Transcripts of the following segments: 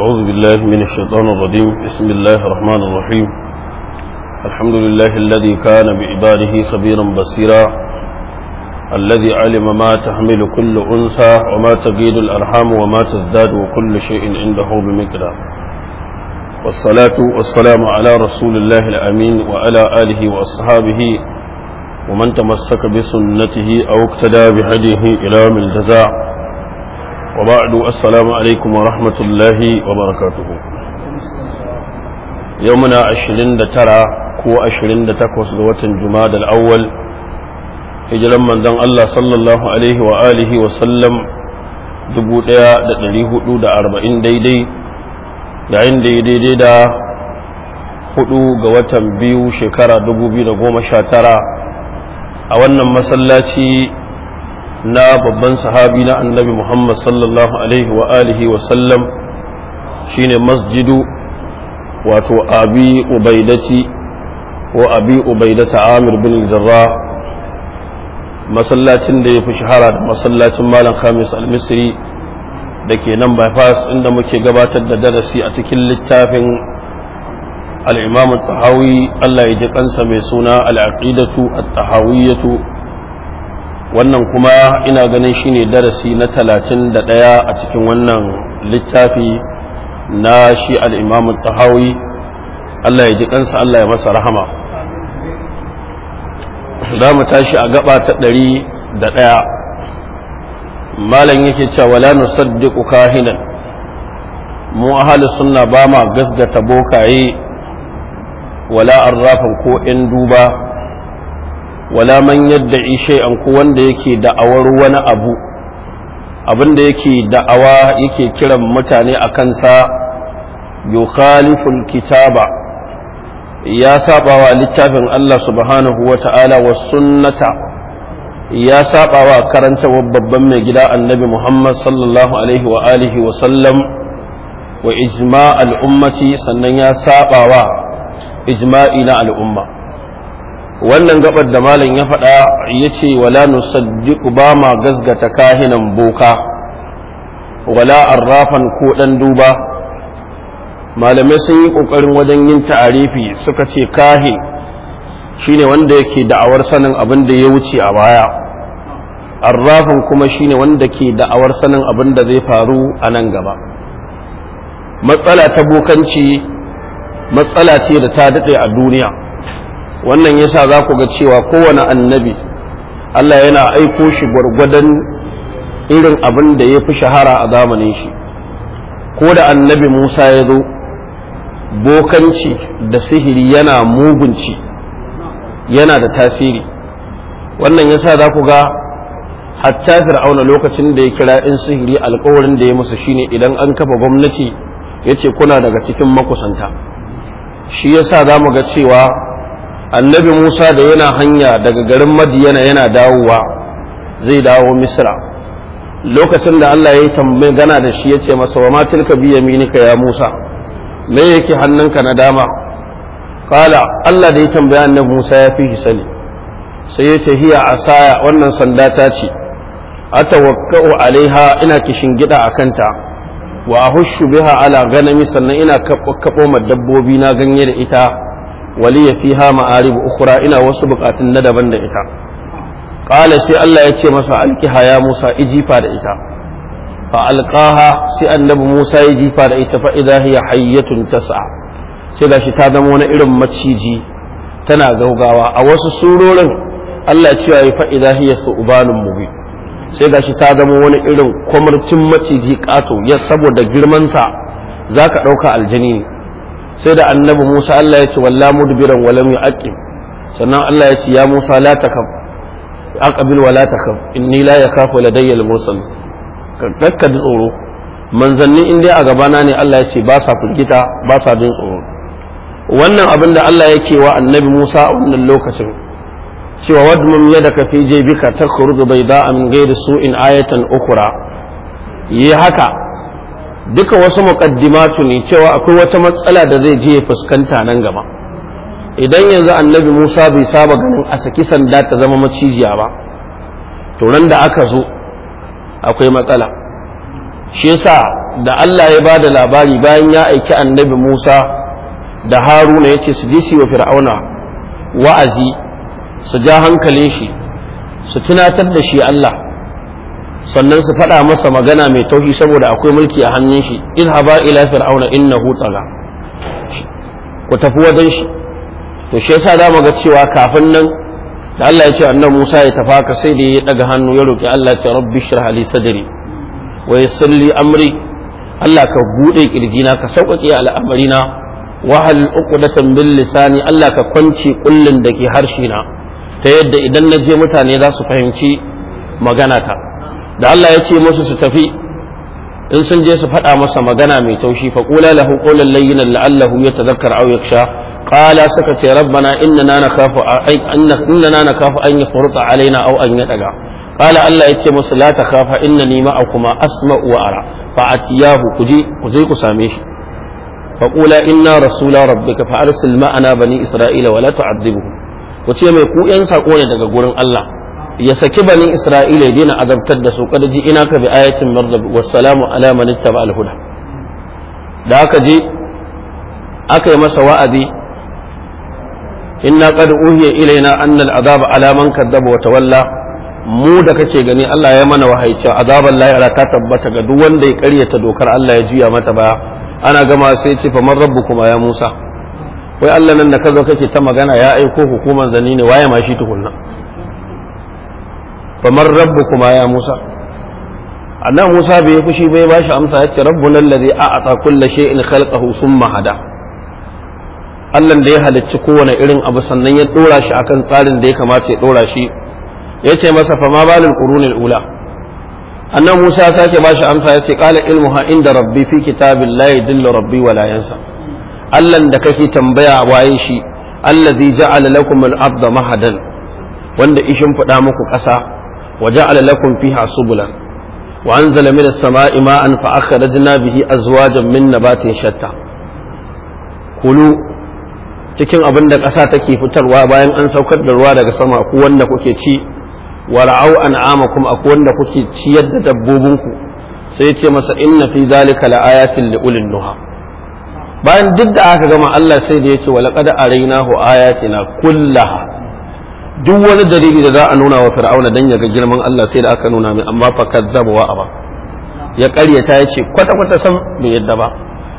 أعوذ بالله من الشيطان الرجيم بسم الله الرحمن الرحيم الحمد لله الذي كان بعباده خبيرا بصيرا الذي علم ما تحمل كل أنثى وما تقيد الأرحام وما تزداد وكل شيء عنده بمقدار والصلاة والسلام على رسول الله الأمين وعلى آله وأصحابه ومن تمسك بسنته أو اقتدى بهديه إلى من الجزاء وبعد السلام عليكم ورحمة الله وبركاته يومنا عشرين ترى كو عشرين تكوس دوة جماد الأول هجرا من دن الله صلى الله عليه وآله وسلم دبوتيا دتنريه دو دا أربعين دي دي yayin da ya daidai da hudu ga watan biyu shekara 2019 a wannan masallaci na babban sahabi na annabi Muhammad sallallahu alaihi wa alihi wa sallam shine masjidu wato abi ubaidati ko abi ubaidata amir bin zarra masallacin da ya fi shahara da masallacin malam khamis al-misri da ke nan bypass inda muke gabatar da darasi a cikin littafin al-imam tahawi Allah ya ji kansa mai suna al-aqidatu at wannan kuma ina ganin shine darasi na talatin da ɗaya a cikin wannan littafi na shi al'imamun tahawi Allah ya ji kansa Allah ya masa rahama za mu tashi a gaba ta ɗari da ɗaya malam yake cewa wala nusaddiqu kahinan mu ahli sunna ba ma gasgata bokaye wala arrafan ko 'yan duba wala man yadda'i shay'an ku wanda yake da'awar wani abu abin da yake da'awa yake kiran mutane a kansa yukhaliful kitaba ya saba wa littafin Allah subhanahu wa ta'ala wa sunnata ya saba wa wa babban mai gida annabi Muhammad sallallahu alaihi wa alihi wa sallam wa ijma ummati sannan ya saba wa ijma'i na al'umma wannan gabar da malam ya faɗa ya ce wala nusaddiqu ba ma gasgata kahinan boka wala arrafan ko ɗan duba malamai sun yi ƙoƙarin wajen yin ta'arifi suka ce kahin shine wanda yake da'awar sanin abin da ya wuce a baya Arrafan kuma shine wanda ke da'awar sanin abin da zai faru a nan gaba matsala ta bokanci matsala ce da ta daɗe a duniya wannan yasa za ku ga cewa kowane annabi Allah yana aiko shi gwargwadon irin abin da ya fi shahara a zamanin shi ko da annabi Musa ya zo bokanci da sihiri yana mugunci yana da tasiri wannan yasa za ku ga hatta fir'auna lokacin da ya kira in sihiri alkawarin da ya musu shine idan an kafa gwamnati ya ce kuna daga cikin makusanta shi yasa za mu ga cewa annabi musa da yana hanya daga garin madiyana yana dawowa zai dawo misra lokacin da allah ya yi tambayi gana da shi ya ce masa wa ma ka bi yaminika ya musa me yake hannunka na dama kala allah da ya tambaya annabi musa ya fi sani sai ya ce a asaya wannan sanda ta ce atawakka'u alaiha ina kishin gida a kanta wa ahushu biha ala ganami sannan ina kabo ma dabbobi na ganye da ita waliya fiha ma'arib ukhra ina wasu bukatun na daban da ita qala sai Allah ya ce masa alkiha ya Musa ijifa da ita fa alqaha sai annabi Musa ya jifa da ita fa idha hiya hayyatun tas'a sai gashi ta zama wani irin maciji tana gaugawa a wasu surorin Allah cewa ya fa idha hiya su'banun mubi sai gashi ta zama wani irin kwamartin maciji kato ya saboda girmansa zaka dauka aljani ne sai da annabi Musa Allah ya ce walla mudbiran walam yu'aqib sannan Allah ya ce ya Musa la takab aqbil wala takab inni la yakhafu ladayya al-mursal kakka da tsoro manzanni in dai a gabana ne Allah ya ce ba sa firgita ba sa jin tsoro wannan abin da Allah yake wa annabi Musa a wannan lokacin cewa wadda wadmum yadaka fi jebika takhruju bayda min su in ayatan ukura yi haka duka wasu muƙaddimatu ne cewa akwai wata matsala da zai je fuskanta nan gaba idan yanzu annabi Musa bai saba ganin a saki sanda ta zama macijiya ba to nan da aka zo akwai matsala shi yasa da Allah ya ba da labari bayan ya aiki annabi Musa da Haruna ya ce su disi wa Fir'auna wa'azi su ja hankalin shi su tunatar da shi Allah sannan su faɗa masa magana mai tauhi saboda akwai mulki a hannun shi In haba ila fir'auna innahu tala ku tafi wajen shi to shi yasa za mu ga cewa kafin nan da Allah ya ce annabi Musa ya tafaka sai da ya daga hannu ya roki Allah ta rabbi shrah li sadri wa yassir amri Allah ka bude kirjina ka sauƙaƙe al'amarina wa hal uqdatan bil lisani Allah ka kwance kullun dake na. ta yadda idan na je mutane za su fahimci magana ta da Allah ya ce musu su tafi in sun je su faɗa masa magana mai taushi fa qula lahu qawlan layyinan la'allahu yatadhakkar aw yakhsha qala saka ce rabbana innana nakhafu innana nakhafu an yafruta alaina aw an yadaga qala Allah ya ce musu la takhafa innani ma'akuma asma'u wa ara fa atiyahu kuje kuje ku same shi fa qula inna rasula rabbika fa arsil ma'ana bani isra'ila wa la tu'adhibuhum ku ce mai ku yan sako ne daga gurin Allah ya saki bani isra'ila ya dina azabtar da su karji ina ka bi ayatin mardab wassalamu ala man ittaba al-huda da aka je aka yi masa wa'azi inna qad uhiya ilaina anna al-azaba ala man kadzaba wa tawalla mu da kake gani Allah ya mana wahayi cewa azaban lahira ta tabbata ga duk wanda ya karyata dokar Allah ya juya mata baya ana gama sai ce fa man rabbukuma ya Musa wai Allah nan da kazo kake ta magana ya aiko hukuman zani ne waye ma shi tukunna famar rabbu kuma ya musa annan musa bai yi fushi ba bashi amsa ya ce rabbu nan ladhi kulla shay'in khalqahu summa Mahada. Allah da ya halicci kowane irin abu sannan ya dora shi akan tsarin da ya kamata ya dora shi ya ce masa fama balil qurunil ula annan musa ya sake bashi amsa ya ce qala ilmuha inda rabbi fi kitabillahi dillu rabbi wa la yansa Allah da kake tambaya waye shi allazi ja'ala lakum al-ardha mahadan wanda ishin fada muku ƙasa وجعل لكم فيها سبلا وأنزل من السماء ماء فأخرجنا به أزواجا من نبات شتى كلوا cikin abin da ƙasa take fitarwa bayan an saukar da ruwa daga sama ku wanda kuke ci wa ra'au an'amakum aku wanda kuke ciyar da dabbobinku sai ya ce masa inna fi zalika laayatin liulil nuha bayan duk da aka gama Allah sai da ya ce wa laqad arainahu ayatina kullaha duk wani dalili da za a nuna wa fir'auna dan ya ga girman Allah sai da aka nuna mai amma fa kazzaba wa aba ya karyata ya ce kwata kwata san bai yadda ba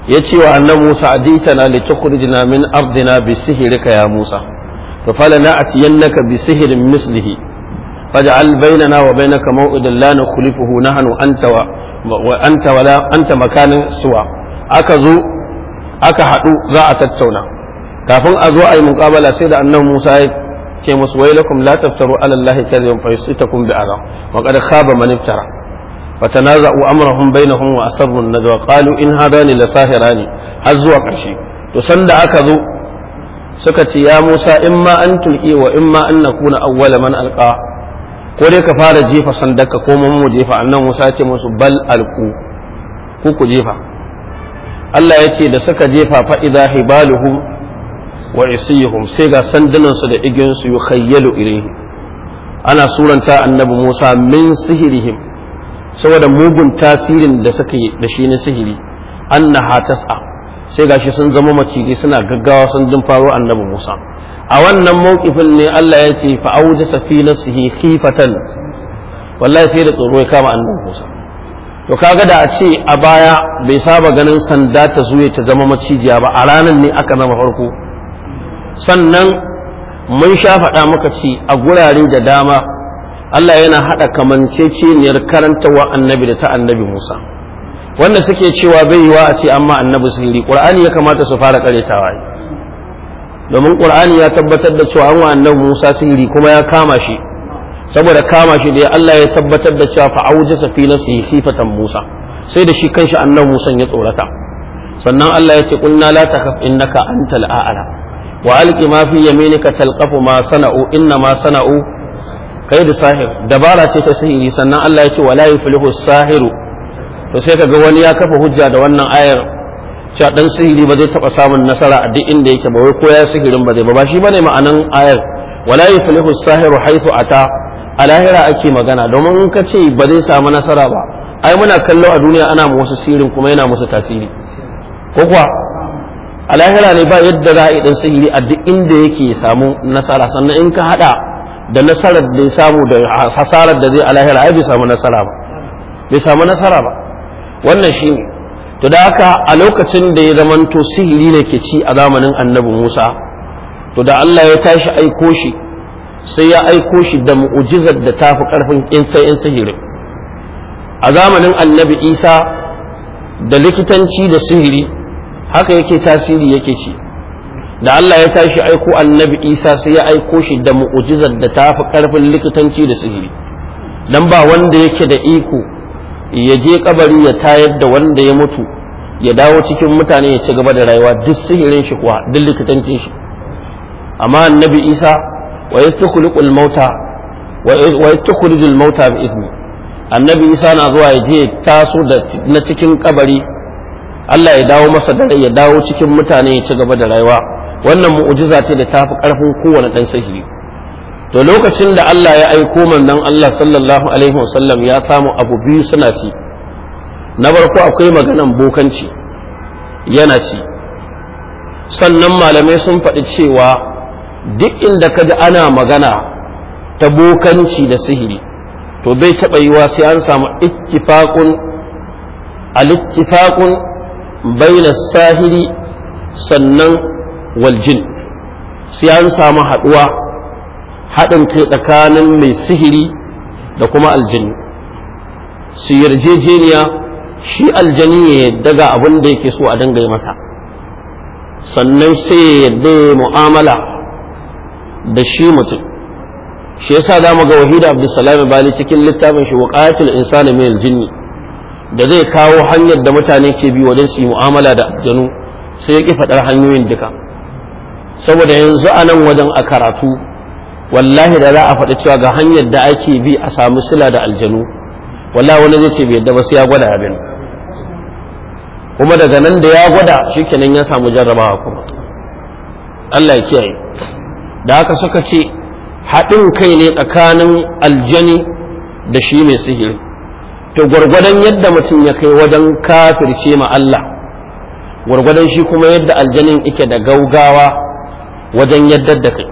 ya ce wa annabi Musa aditana li tukhrijna min ardina bi sihrika ya Musa fa fala na'tiyannaka bi sihrin mislihi faj'al bainana wa bainaka maw'idan la nukhlifuhu nahnu anta wa anta wala anta makanin suwa aka zo aka haɗu za a tattauna kafin a zo a yi muƙabala sai da annabi Musa ya ce musu wai lakum la taftaru ala allahi kadhiban fa yusitakum bi azab wa qad khaba man iftara amrahum bainahum wa an-najwa qalu in hadani la sahirani har zuwa karshe to sanda aka zo suka ce ya Musa in ma an tulqi wa in ma an nakuna awwala man alqa ko dai ka fara jefa sandaka ko mun mu jefa annan Musa ce musu bal alqu ku ku jefa Allah ya ce da suka jefa fa idza hibaluhum wa isihum sai ga su da igiyansu su yukhayyalu ilayhi ana suranta annabi musa min sihirihim saboda mugun tasirin da suka yi da shi ne sihiri annaha tas'a sai gashi sun zama maciji suna gaggawa sun dun annabi musa a wannan mawkifin ne Allah ya ce fa aujasa fi sihi khifatan wallahi sai da tsoro ya kama annabi musa to kaga da a ce a baya bai saba ganin sanda ta zuwe ta zama macijiya ba a ranar ne aka zama farko sannan mun sha faɗa muka ci a gurare da dama Allah yana haɗa kamanceceniyar wa annabi da ta annabi Musa wanda suke cewa bai yiwa a ce amma annabi sirri ƙur'ani ya kamata su fara karetawa domin ƙur'ani ya tabbatar da cewa wa annabi Musa sirri kuma ya kama shi saboda kama shi da Allah ya tabbatar da cewa fa'auja safina su khifatan Musa sai da shi kanshi annabi Musa ya tsorata sannan Allah ya ce kunna la takhaf innaka antal a'la wa alqi ma fi ka talqafu ma sana'u inna ma sana'u da sahir dabara ce ta sihiri sannan Allah ya ce wala yuflihu sahiru to sai ga wani ya kafa hujja da wannan ayar cewa dan sihiri ba zai taba samun nasara a duk inda yake ba wai ko ya sihirin ba zai ba shi bane ma'anan ayar wala yuflihu sahiru haythu ata a lahira ake magana domin in ka ce ba zai samu nasara ba ai muna kallo a duniya ana musu sirin kuma yana musu tasiri ko kuwa a lahira ne ba yadda za a yi dan sihiri a duk inda yake samu nasara sannan in ka hada da nasarar da ya samu da hasarar da zai a lahira ai bai samu nasara ba bai samu nasara ba wannan shi ne to da haka a lokacin da ya zamanto sihiri ne ke ci a zamanin annabi musa to da allah ya tashi aiko shi sai ya aiko shi da mu'ujizar da ta fi ƙarfin in sihirin a zamanin annabi isa da likitanci da sihiri haka yake tasiri yake ci da Allah ya tashi aiko annabi Isa sai ya aiko shi da mu'ujizar da ta fi karfin likitanci da sihiri dan ba wanda yake da iko ya je kabari ya tayar da wanda ya mutu ya dawo cikin mutane ya ci gaba da rayuwa duk sihirin shi kuwa duk likitancin shi amma annabi Isa wa yastakhluqul mauta wa yastakhrijul mauta bi idni annabi Isa na zuwa ya je taso da na cikin kabari Allah ya dawo masa da ya dawo cikin mutane ya ci gaba da rayuwa wannan mu'ujiza ce da tafi karfin kowane dan sihiri to lokacin da Allah ya aiko manzon Allah sallallahu alaihi wasallam ya samu abu biyu suna ci na farko akwai maganan bokanci yana ci sannan malamai sun faɗi cewa duk inda ka ji ana magana ta bokanci da sihiri to bai taɓa yiwa sai an samu ittifaqun al-ittifaqun baina sahiri sannan waljin sai an samu haɗuwa haɗin kai tsakanin mai sihiri da kuma aljini su yarjejeniya shi aljanni ya daga abin da yake so a dinga masa sannan sai ya yadda mu'amala da shi mutum shi yasa za mu ga wahida abdulsalam bali cikin littafin shi waqatul insani min jini. da zai kawo hanyar da mutane ke bi wajen su yi mu'amala da aljanu sai ya faɗar hanyoyin duka saboda yanzu a nan wajen a karatu wallahi da za a faɗi cewa ga hanyar da ake bi a sami sila da aljanu wallahi wani zai ce bai yadda ba sai ya gwada abin kuma daga nan da ya gwada shikenan ya samu jarrabawa kuma Allah ya kiyaye da haka suka ce haɗin kai ne tsakanin aljani da shi mai sihiri to gwargwadon yadda mutum ya kai wajen kafirce ma Allah gwargwadon shi kuma yadda aljanin ike da gaugawa wajen yadda da kai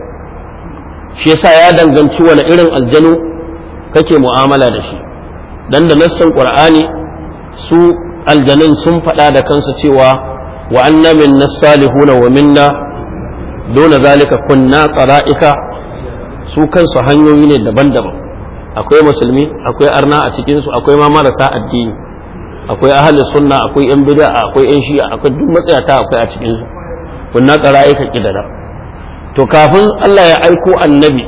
shi yasa ya danganci wani irin aljanu kake mu'amala da shi dan da nassan qur'ani su aljanin sun faɗa da kansu cewa wa anna na nasalihuna wa minna dona zalika kunna tsara'ika su kansu hanyoyi ne daban-daban akwai musulmi akwai arna a cikinsu akwai ma marasa addini akwai ahalin sunna akwai yan bid'a akwai yan shi'a akwai duk matsayata akwai a cikinsu kunna qara'ika kidara to kafin Allah ya aiko annabi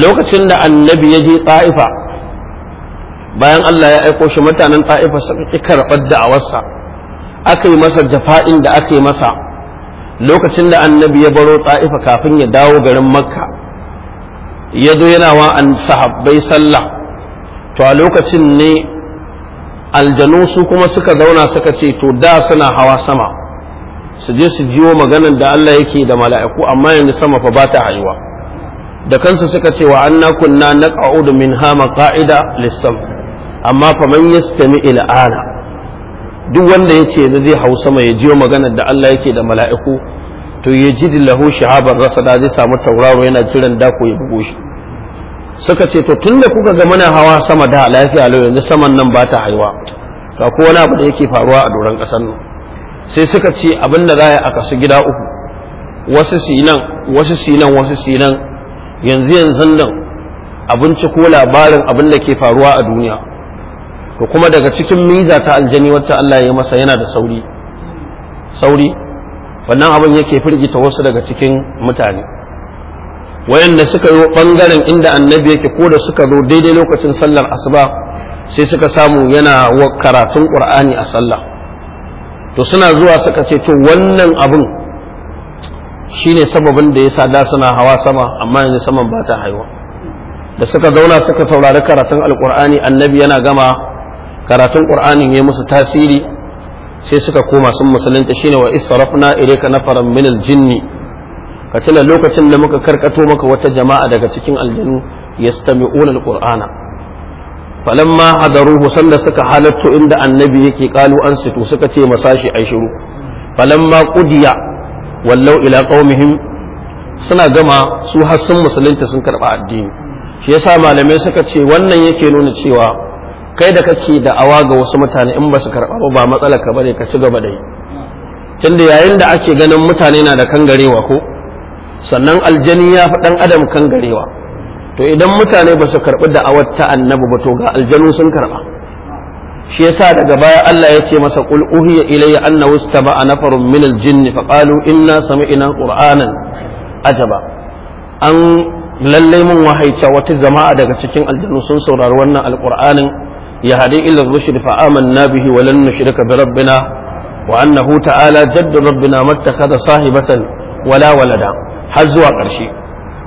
lokacin da annabi ya je ta'ifa bayan Allah ya aiko shi mutanen ta'ifa suka ki karɓar da'awarsa aka yi masa jafa'in da aka yi masa lokacin da annabi ya baro ta'ifa kafin ya dawo garin makka ya zo yana wa an sahabbai sallah to a lokacin ne aljanu su kuma suka zauna suka ce to da suna hawa sama su je su jiwo maganar da Allah yake da mala'iku amma yanzu sama fa ba ta haiwa da kansu suka ce wa anna kunna naq'udu minha hama lis-sam amma fa man yastami ila ana duk wanda yace zai hau sama ya jiwo maganar da Allah yake da mala'iku to ya ji lahu rasa rasada zai samu tauraro yana jiran dako ya bugo shi suka ce to tun da kuka ga mana hawa sama da lafiya lau yanzu saman nan ba ta haiwa to ko wani abu da yake faruwa a doron ƙasar nan sai suka ce abin da za a kasu gida uku wasu sinan wasu sinan wasu sinan yanzu yanzu nan abinci ko labarin abin da ke faruwa a duniya to kuma daga cikin miza ta aljani wacce Allah ya masa yana da sauri wannan abin yake firgita wasu daga cikin mutane wayanda suka yi bangaren inda annabi yake ko da suka zo daidai lokacin sallar asuba sai suka samu yana karatun qur'ani a sallah to suna zuwa suka ce to wannan abin shine sababin da yasa da suna hawa sama amma yanzu saman ba ta haiwa da suka zauna suka saurari karatun alqur'ani annabi yana gama karatun qur'anin ya musu tasiri sai suka koma sun musulunta shine wa israfna ilayka nafaran min al-jinni ka tuna lokacin da muka karkato maka wata jama'a daga cikin aljinu yastami'una al-qur'ana falamma hadaruhu sanda suka halatto inda annabi yake kalu an situ suka ce masashi ai shiru falamma qudiya wallau ila qaumihim suna gama su har sun musulunta sun karba addini shi yasa malamai suka ce wannan yake nuna cewa kai da kake da awa ga wasu mutane in ba su karɓa ba matsala ka bane ka ci gaba da yi tunda yayin da ake ganin mutane na da kangarewa ko sannan aljani ya fi ɗan adam kangarewa to idan mutane ba su karɓi da awar ta annabi ba to ga aljanu sun karɓa shi yasa daga baya Allah ya ce masa qul uhiya ilayya anna istama'a nafarun min al fa qalu inna sami'na qur'anan ajaba an lalle mun wahaice wata jama'a daga cikin aljanu sun saurari wannan alqur'anin يهدي إلا الرشد فآمنا به ولن نشرك بربنا وأنه تعالى جد ربنا ما اتخذ صاحبة ولا ولدا حزوا قرشي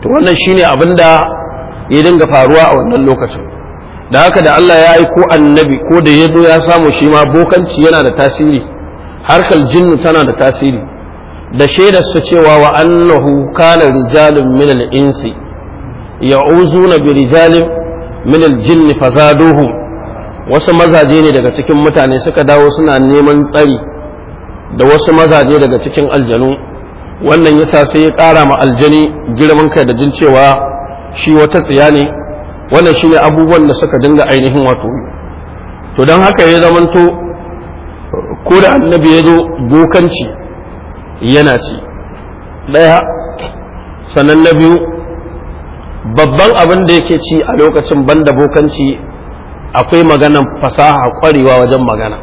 wannan shine abin da ya dinga faruwa a wannan lokacin da haka da Allah ya yi ko annabi ko da ya ya samu shi ma bokanci yana da tasiri harkar jinnu tana da tasiri da shaidar shaidarsa cewa wa annahu kana rijalun min al-insi ya'uzuna bi rijalin min al-jinni fazaduhum wasu mazaje ne daga cikin mutane suka dawo suna neman tsari da wasu mazaje daga cikin aljanu wannan yasa sai ya ƙara ma aljani girman kai da jin cewa shi wata tsiya ne wannan shi ne abubuwan da suka dinga ainihin wato to don haka ya zamanto ko da annabi ya zo bokanci yana ci ɗaya sannan na biyu babban abin da yake ci a lokacin banda bokanci akwai maganan fasaha kwarewa wajen magana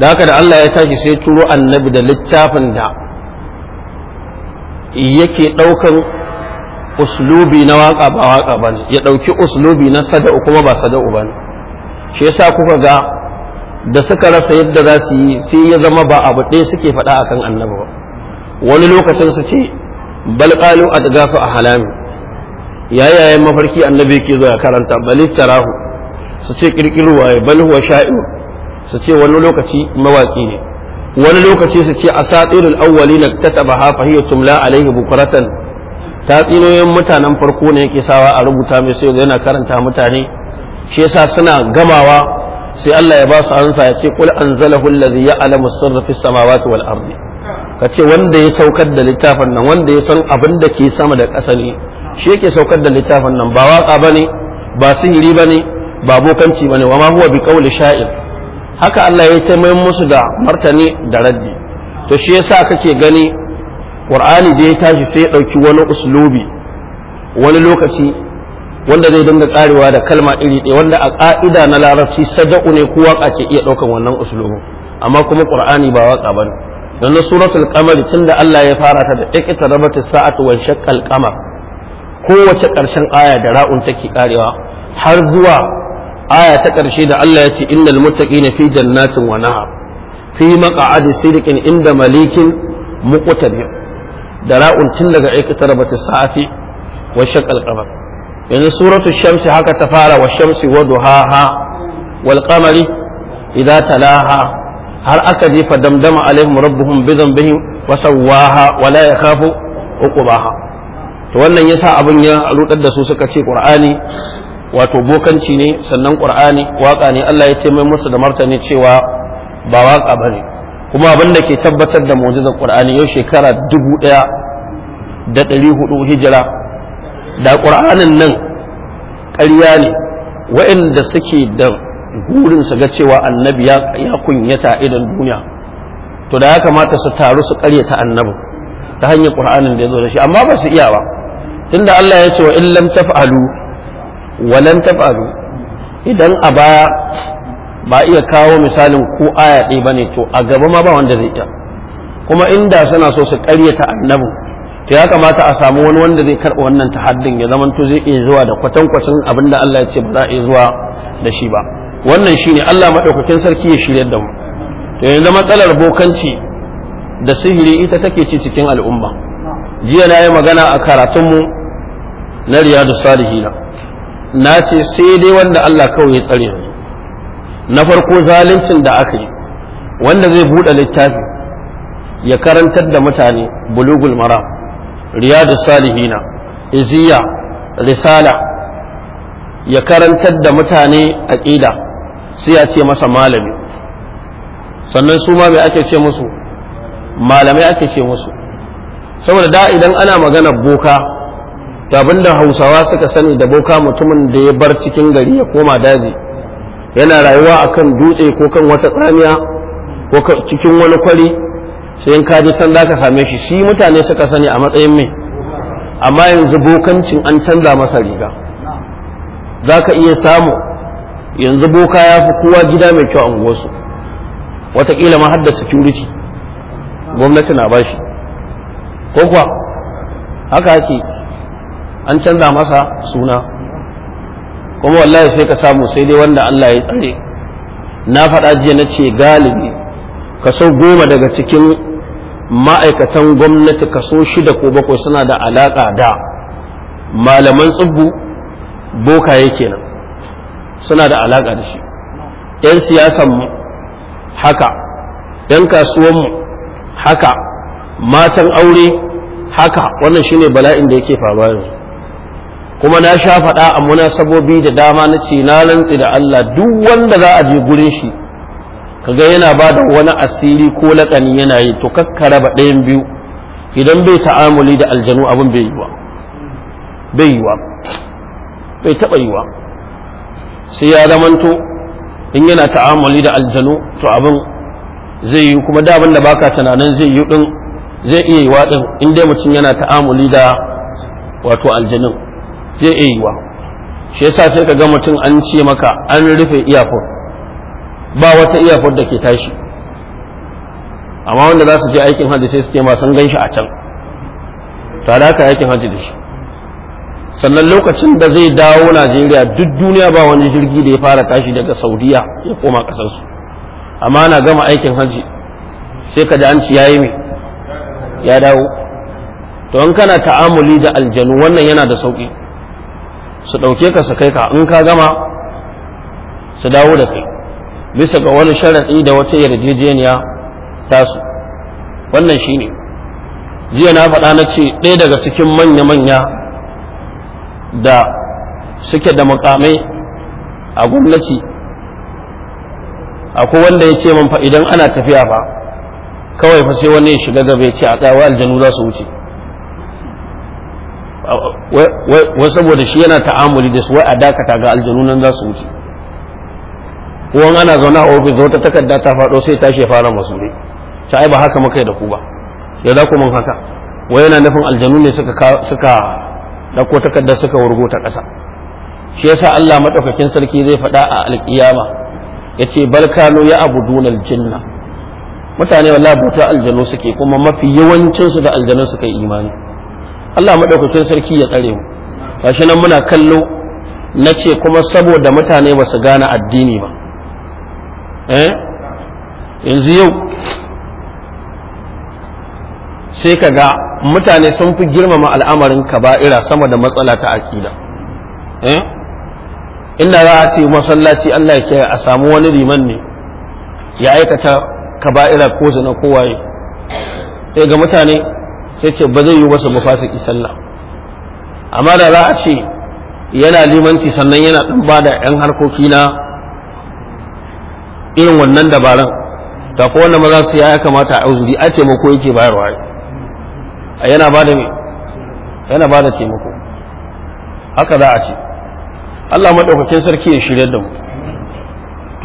da haka da Allah ya tashi sai turo annabi da littafin da yake ɗaukan uslubi na waƙa ba waƙa ba ya ɗauki uslubi na sada'u kuma ba sada'u ba ne shi yasa kuka ga da suka rasa yadda za su yi sai ya zama ba abu ɗaya suke faɗa akan annabi ba wani lokacin su ce bal qalu a ahlami yayaye mafarki annabi yake zo ya karanta bal tarahu su ce kirkirwa ya bal huwa sha'ir su ce wani lokaci mawaki ne wani lokaci su ce asatirul awwalina katabaha fa hiya tumla alaihi bukratan tatsinoyin mutanen farko ne yake sawa a rubuta mai sai yana karanta mutane shi yasa suna gamawa sai Allah ya ba su ansa ya ce kul anzalahu ya ya'lamu sirra fis samawati wal ardi ka ce wanda ya saukar da littafin nan wanda ya san abin da ke sama da ƙasa ne shi yake saukar da littafin nan ba waka ne ba sihiri bane ba bokanci bane wa ma huwa bi qawli sha'ir haka Allah ya ce mai musu da martani da raddi to shi yasa kake gani Qur'ani da ya tashi sai ya dauki wani uslubi wani lokaci wanda zai dinga karewa da kalma iri ɗaya wanda a ƙa'ida na larabci sada'u ne ko waka ke iya ɗaukan wannan uslubin amma kuma Qur'ani ba waka bane dan na suratul qamar tunda Allah ya fara ta da iqtarabatis sa'atu wa shaqqal qamar kowace ƙarshen aya da ra'un take karewa har zuwa aya ta ƙarshe da Allah ya ce innal muttaqina fi jannatin wa nahar fi maq'adi sidqin inda malikin muqtadir da ra'un tun daga aikata bata sa'ati wa shaqal qamar yanzu suratul shamsi haka ta fara wa shamsi wa duhaha wal qamari idza talaha har aka jefa damdama alaihim rabbuhum bi dhanbihim wa sawwaha wa la yakhafu uqbaha to wannan yasa abin ya rudar da su suka ce qur'ani wato bokanci ne sannan qur'ani waka ne Allah ya ce mai musu da martani cewa ba waka bane kuma abin da ke tabbatar da mu'jizar qur'ani yau shekara dubu ɗaya da ɗari hudu hijira da qur'anin nan ƙarya ne wa'inda suke da gurin su ga cewa annabi ya kunyata idan duniya to da ya kamata su taru su ƙaryata annabi ta hanyar qur'anin da ya zo da shi amma ba su iya ba tunda Allah ya ce wa in lam taf'alu walan taf'alu idan a baya ba iya kawo misalin ko aya ɗaya bane to a gaba ma ba wanda zai iya kuma inda suna so su ƙaryata annabi to ya kamata a samu wani wanda zai karɓa wannan tahaddin ya zama to zai iya zuwa da kwatan abin da Allah ya ce ba za a iya zuwa da shi ba wannan shine Allah maɗaukakin sarki ya shirya da mu to yanzu matsalar bokanci da sihiri ita take ci cikin al'umma jiya na yi magana a karatunmu na riyadu salihina na ce sai dai wanda Allah kawai ya tsare na farko zaluncin da aka yi wanda zai buɗe littafi ya karantar da mutane bulugul maram riyadu salihina iziya risala ya karantar da mutane aƙida sai ya ce masa malami sannan su ma mai ake ce musu malamai ake ce musu saboda da idan ana maganar boka da hausawa suka sani da boka mutumin da ya bar cikin gari ya koma daji yana rayuwa akan dutse ko kan wata tsamiya ko cikin wani kwari sai in kaji can za ka same shi shi mutane suka sani a matsayin mai amma yanzu bokancin an canza masa riga za ka iya samu yanzu boka ya fi kowa gida mai kyau a unguwarsu watakila ma har da security gwamnati na bashi ko kuwa haka ake an canza masa suna kuma wallahi sai ka samu sai dai wanda Allah ya tsare na faɗa jiya na ce galibi kaso goma daga cikin ma'aikatan gwamnati kaso shida ko bakwai suna da alaƙa da malaman tsibbu yake kenan suna da alaƙa da shi 'yan siyasanmu haka 'yan kasuwanmu haka matan aure haka wannan shine bala'in da yake faruwa yanzu kuma na sha faɗa a munasabobi da dama na ce na rantsi da Allah duk wanda za a je gurin shi kaga yana ba da wani asiri ko laƙani yana yi to kakkara ba ɗayan biyu idan bai ta'amuli da aljanu abin bai yiwa bai yiwa bai taɓa yiwa sai ya zamanto in yana ta'amuli da aljanu to abin zai yi kuma da abin da baka tunanin zai yi din zai iya yiwa din in dai mutum yana ta'amuli da wato aljanun zai iya yiwa shi yasa sai ka ga mutum an ce maka an rufe iyafon ba wata iyafon da ke tashi amma wanda za su je aikin hajji sai su ce ma sun gan shi a can tare haka aikin hajji da shi sannan lokacin da zai dawo najeriya duk duniya ba wani jirgi da ya fara tashi daga saudiya ya koma ƙasarsu amma na gama aikin hajji sai ka da an ci yayi mai ya dawo to in kana ta'amuli da aljanu wannan yana da sauƙi su ɗauke ka su kai ka in ka gama su dawo da kai bisa ga wani sharaɗi da wata yarjejeniya tasu wannan shi ne. jiya na faɗa na ce ɗaya daga cikin manya-manya da suke da mukamai a gwamnati akwai wanda ya ce man fa idan ana tafiya fa kawai fa sai wani ya shiga gaba ya ce a tsawa aljanu za su wuce wai saboda shi yana ta'amuli da su wai a dakata ga aljanunan za su wuce wani ana zaune a ofis wata takarda ta faɗo sai tashi ya fara ne ta ai ba haka muka da ku ba ya za ku mun haka wai yana nufin aljanu ne suka suka dauko takarda suka wurgo ta ƙasa shi yasa Allah madaukakin sarki zai faɗa a alƙiyama ya ce balkano ya abu dunar jinna mutane wallahi bauta aljanu suke kuma mafi yawancinsu da aljanu suka yi imani Allah maɗaukakin sarki ya tsare mu gashi nan muna kallo na ce kuma saboda mutane ba su gane addini ba eh yanzu yau sai ka ga mutane sun fi girmama al'amarin kaba'ira sama da matsala ta aƙida eh? inda za a ce masallaci Allah ya kiyaye a samu wani riman ne ya aikata kaba'ira ko zina kowaye sai mutane sai ce ba zai yi masa mafasiki sallah amma da za a ce yana limanci sannan yana ɗan ba da 'yan harkoki na irin wannan dabaran ta ko wanda maza su ya kamata a uzuri a taimako yake bayarwa yana ba da yana ba da taimako haka za a ce Allah maɗaukakin sarki ya shirya da mu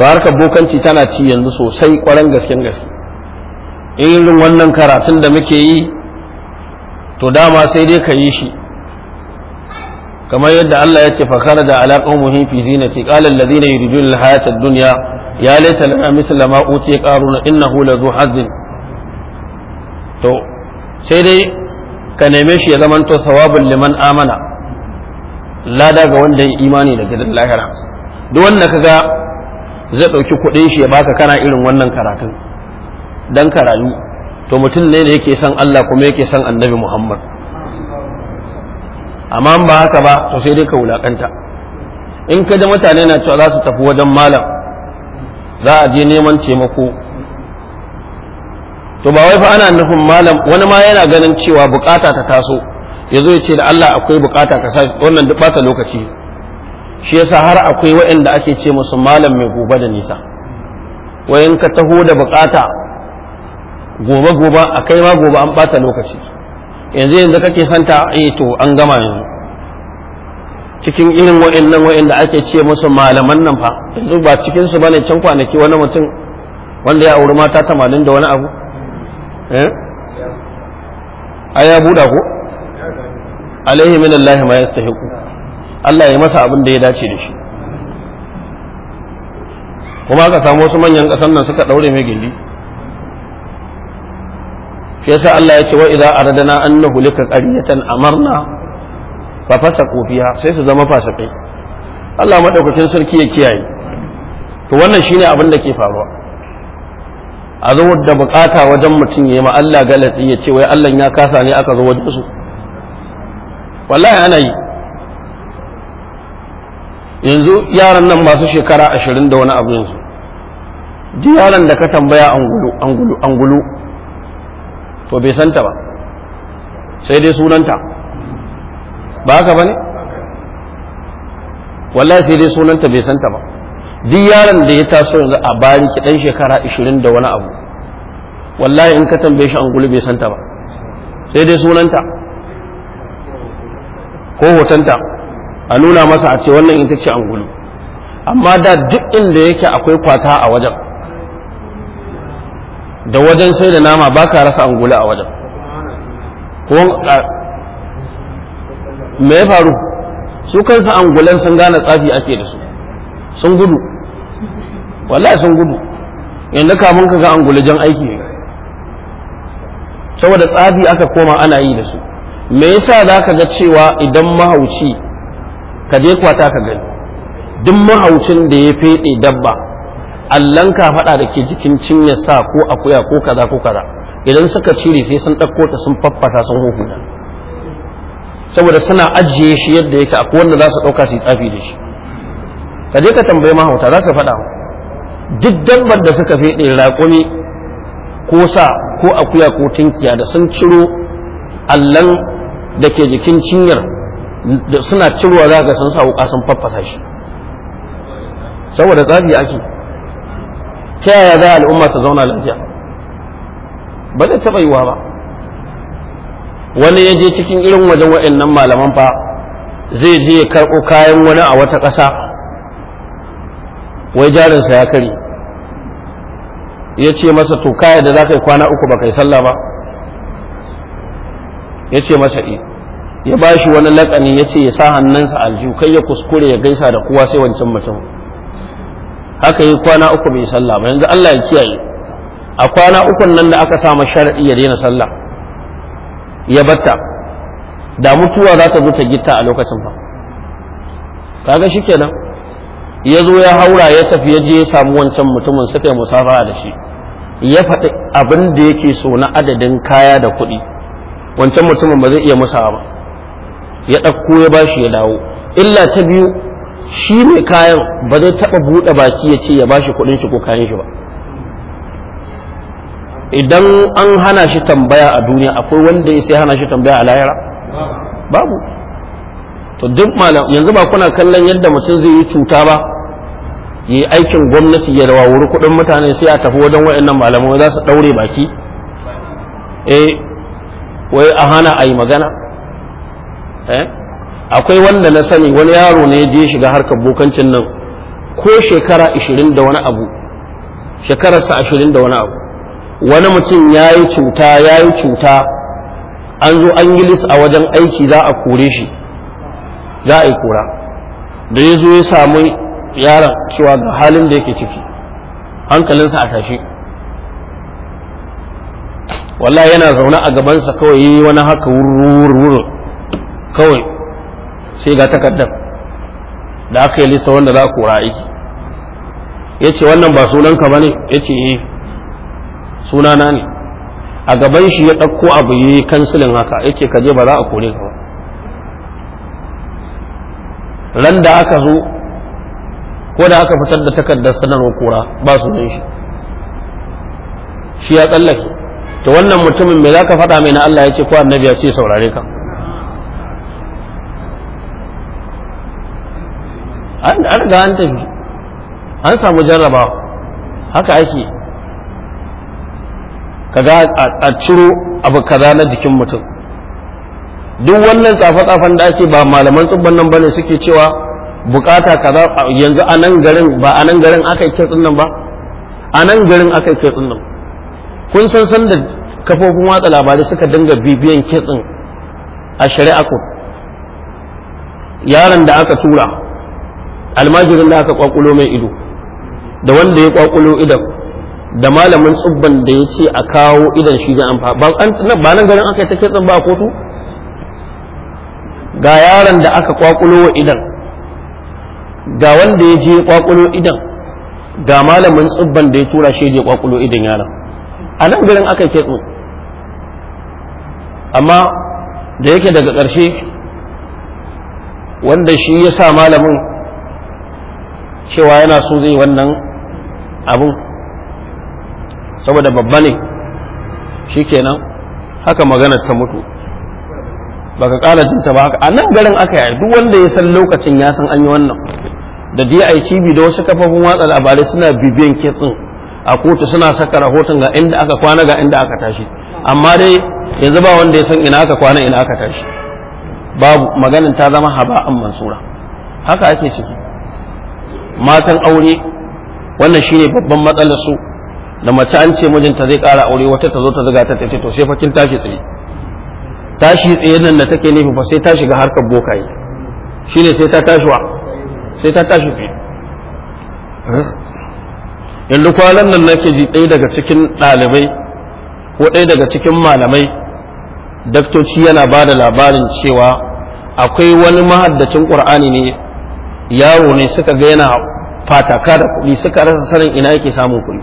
to harkar bokanci tana ci yanzu sosai ƙwarar gasken gaske irin wannan karatun da muke yi to dama sai dai ka yi shi kamar yadda Allah ya ce fa kharaja ala qaumihi fi zinati qala alladhina yuridun alhayata ad-dunya ya laita lana mithla ma utiya qaruna innahu zuwa hazin to sai dai ka neme shi ya zamanto sawabul liman amana lada ga wanda ya imani da gidan lahira duk wanda kaga zai ɗauki kuɗin shi ya baka kana irin wannan karatun dan karayu to mutum ne da yake san Allah kuma yake san annabi Muhammad amma ba haka ba to sai dai ka wulakanta in ka da mutane na cewa za su tafi wajen malam za a je neman taimako to ba wai fa ana nufin malam wani ma yana ganin cewa bukata ta taso ya zo ya ce da Allah akwai bukata ka sa wannan duk bata lokaci shi yasa har akwai waɗanda ake ce musu malam mai gobe da nisa wayan ka taho da bukata gobe gobe a kai ma gobe an bata lokaci yanzu yanzu kake santa eh to an gama yanzu cikin irin wa'annan wa'anda ake ce musu malaman nan fa yanzu ba cikin su bane can kwanaki wani mutum wanda ya auri mata tamanin da wani abu eh ai ya buɗa ko alaihi min Allah ma yastahiqu Allah ya masa abin da ya dace da shi kuma aka samu wasu manyan kasan nan suka ɗaure mai gindi yasa Allah ya ce wa idza aradana annahu nuhlika qaryatan amarna fa fasaqu fiha sai su zama fasikai Allah madaukakin sarki ya kiyaye to wannan shine abin da ke faruwa a zo da bukata wajen mutum ya yi ma Allah galati ya ce wai Allah ya kasa ne aka zo wajen su wallahi ana yi yanzu yaran nan masu shekara ashirin da wani abu yanzu ji yaran da ka tambaya angulu angulu angulu to bai santa ba sai dai sunanta ba haka ba ne wallahi sai dai sunanta bai santa ba duk yaron da ya taso yanzu a bari ki dan shekara 20 da wani abu wallahi in ka tambaye shi angulu bai santa ba sai dai sunanta ko hotonta a nuna masa a ce wannan ita ce angulu amma da duk inda yake akwai kwata a wajen da wajen sai da nama ba ka rasa angula a wajen me ya faru su kansu angulan sun gane tsafi ake da su sun gudu wallahi sun gudu yanda kamun ka ga angulajen aiki ne saboda tsafi aka koma ana yi da su me yasa za ka ga cewa idan mahauci ka je kwata ka gani duk mahaucin da ya feɗe dabba allan ka faɗa da ke jikin cinye sa ko akuya ko kaza ko kaza idan suka cire sai sun ɗauko ta sun faffata sun huhuda saboda suna ajiye shi yadda yake akwai wanda za su ɗauka su tsafi da shi ka je ka tambayi mahauta za su faɗa duk dabbar da suka fi ɗin raƙumi ko sa ko akuya ko tinkiya da sun ciro allan da ke jikin cinyar suna cirowa za ka sun sa wuƙa sun faffasa shi saboda tsafi ake ta yaya za a al'umma ta zauna lafiya ba zai taɓa yiwa ba wani ya je cikin irin wajen waɗannan malaman fa zai je ya karɓo kayan wani a wata ƙasa wai jarinsa ya kari ya ce masa to kaya da za ka yi kwana uku ba kai sallah ba ya ce masa e. ya ba shi wani laƙani ya ce ya sa hannunsa aljihu kai ya kuskure ya gaisa da kowa sai wancan mutum haka yi kwana uku bai sallah ba yanzu Allah ya kiyaye a kwana ukun nan da aka sa sharaɗi ya daina sallah ya batta da mutuwa za ta zo ta gita a lokacin ba kaga shikenan ya zo ya haura ya tafi ya je ya samu wancan mutumin suka yi musafara da shi ya faɗi abin da yake so na adadin kaya da kuɗi wancan mutumin ba zai iya musa ba ya ɗauko ya bashi ya dawo illa ta biyu shi mai kayan ba zai taɓa buɗe baki ya ce ya bashi kuɗin shi ko kayan shi ba idan an hana shi tambaya a duniya akwai wanda ya sai hana shi tambaya a lahira babu to duk malam yanzu ba kuna kallon yadda mutum zai yi cuta ba yi aikin gwamnati ya rawa wuri kuɗin mutane sai a tafi wajen waɗannan malamai za su ɗaure baki eh wai a hana a yi magana eh akwai wanda na sani wani yaro ne ya je shiga harkar bokancin nan ko shekara ashirin da wani abu shekararsa ashirin da wani abu wani mutum ya yi cuta ya yi cuta an zo an yi a wajen aiki za a kore shi za a yi kora da ya zo ya samu yaron cewa ga halin da yake ciki hankalinsa a tashi wallahi yana zaune a gabansa kawai yi wani haka wurin kawai sai ga takardar da aka yi lista wanda za ku kora aiki ya ce wannan ba sunanka ba ne ya ce yi eh, sunana ne a gaban shi ya ɗauko abu yi kansilin haka ya ce kaje ba za a kore ka ba ran da aka zo ko da aka fitar da takardar sanarwar kora ba sunan shi shi ya tsallake to wannan mutumin me za ka faɗa mai na Allah ya ce ko annabi ya ce saurare ka an riga an tafi an samu jarraba haka ake ga a ciro abu kaza na jikin mutum duk wannan tsafe-tsafen da ake ba malaman tsubban nan bane suke cewa bukata kaza yanzu a nan garin ba a nan garin aka yi kitsin nan ba a nan garin aka yi kitsin nan kun san san da kafofin watsa labarai suka dinga bibiyan kitsin a shari'a ku yaron da aka tura almajirin da aka kwakulo mai ido da wanda ya kwakulo idan da malamin tsubban da ya ce a kawo idan shi zai amfani ba nan garin aka yi ta ba a kotu ga yaron da aka kwakulo wa idan ga wanda ya je kwakulo idan ga malamin tsubban da ya tura shi ya kwakulo idan yaron a nan garin aka yi kitsin amma da yake daga ƙarshe wanda shi ya sa malamin cewa yana so zai wannan abun saboda babba ne shi kenan haka magana ta mutu ba ka kala jinta ba haka a nan garin aka yi duk wanda ya san lokacin ya san an yi wannan da DITB da wasu kafafun watsa labarai suna bibiyan kitsin a kotu suna saka rahoton ga inda aka kwana ga inda aka tashi amma dai yanzu ba wanda ya san ina aka kwana ina aka tashi babu maganin ta zama haba'an mansura haka ake ciki matan aure wannan shine babban matsalar su da mace an ce mijinta zai ƙara aure wata ta zo ta zuga ta tace to sai fa kin tashi tsaye tashi tsaye nan da take nufi fa sai ta shiga harkar bokaye shine sai ta tashi wa sai ta tashi tsaye yanzu kwanan nan nake ji ɗaya daga cikin ɗalibai ko ɗaya daga cikin malamai daktoci yana ba da labarin cewa akwai wani mahaddacin ƙur'ani ne yaro ne suka ga yana fataka da kuɗi suka rasa sanin ina yake samun kuɗi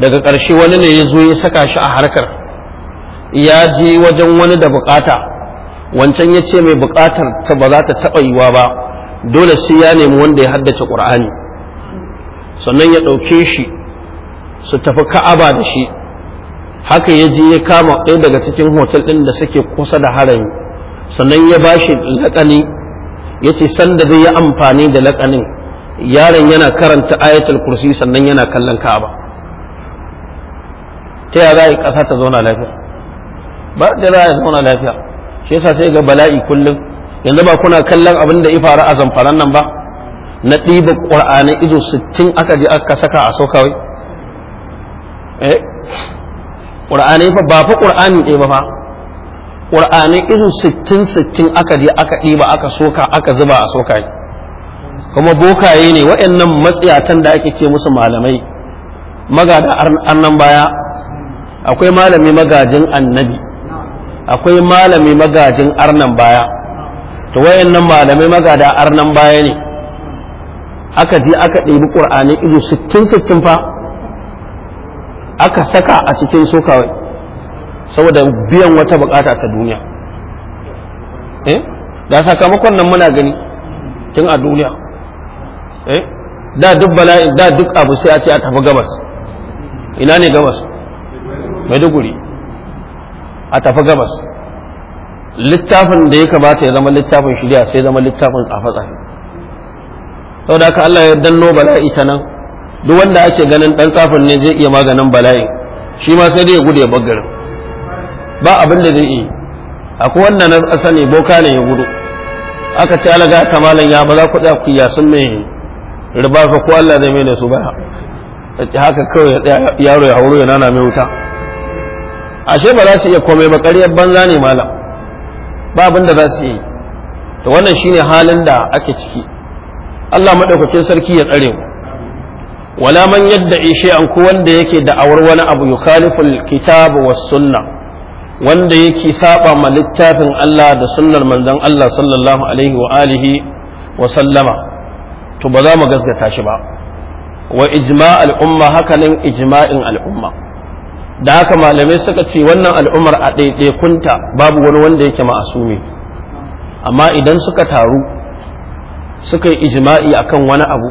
daga ƙarshe wani ne ya zo ya saka shi a harkar ya je wajen wani da bukata wancan ya ce mai bukatar ta ba za ta taɓa yiwa ba dole sai ya nemi wanda ya haddace ƙur'ani sannan ya ɗauke shi su tafi ka'aba da shi haka ya je ya kama ɗaya daga cikin hotel ɗin da suke kusa da harami sannan ya ba shi laƙani yace sanda zai yi amfani da laƙanin yaron yana karanta ayatul kursi sannan yana kallon ka'aba ta yaya za a yi ƙasa ta zauna lafiya ba da za a zauna lafiya shi yasa sai ga bala'i kullum yanzu ba kuna kallon abin da ifara a zamfaran nan ba na ɗiba ƙur'anin ido sittin aka je aka saka a saukawai eh ƙur'ani fa ba fa ƙur'ani ɗaya ba fa ƙur'anai irin sittin sittin aka je aka ɗiba aka soka aka zuba a soka kuma bokaye ne waɗannan matsiyatan da ake ce musu malamai magada annan baya akwai malami magajin annabi akwai malami magajin arnan baya to waɗannan malamai magada arnan baya ne aka je aka ɗebi ƙur'anin irin sittin sittin fa aka saka a cikin sokawai saboda biyan wata bukata ta duniya eh da sakamakon nan muna gani tun a duniya eh da duk bala'i da duk abu sai a ce a tafi gabas ina ne gabas maiduguri a tafi gabas littafin da ya kamata ya zama littafin shirya sai zama littafin tsafe-tsafe saboda haka Allah ya danno bala'i ta nan duk wanda ake ganin dan tsafin ne zai iya maganin bala'in shi ma sai dai ya gude bagarin ba abin da zai yi akwai wannan asali ne, boka ne ya gudu aka ce alaga ta malam ya ba za ku tsaya ku yasin mai riba ka ko Allah zai mai da su baya ce haka kawai yaro ya hauro ya nana mai wuta ashe ba za su iya komai ba ƙaryar banza ne malam ba abin da za su yi to wannan shine halin da ake ciki Allah madaukakin sarki ya tsare mu wala man yadda ishe an ku wanda yake da'awar wani abu yukhaliful kitab was sunnah wanda yake saba ma littafin Allah da sunnar manzon Allah sallallahu alaihi wa alihi wa sallama to ba za mu gaskata shi ba wa ijma' al-umma hakanan ijma'in al-umma da haka malamai suka ce wannan al'ummar a ɗaiɗaikunta babu wani wanda yake ma'asumi amma idan suka taru suka yi ijma'i akan wani abu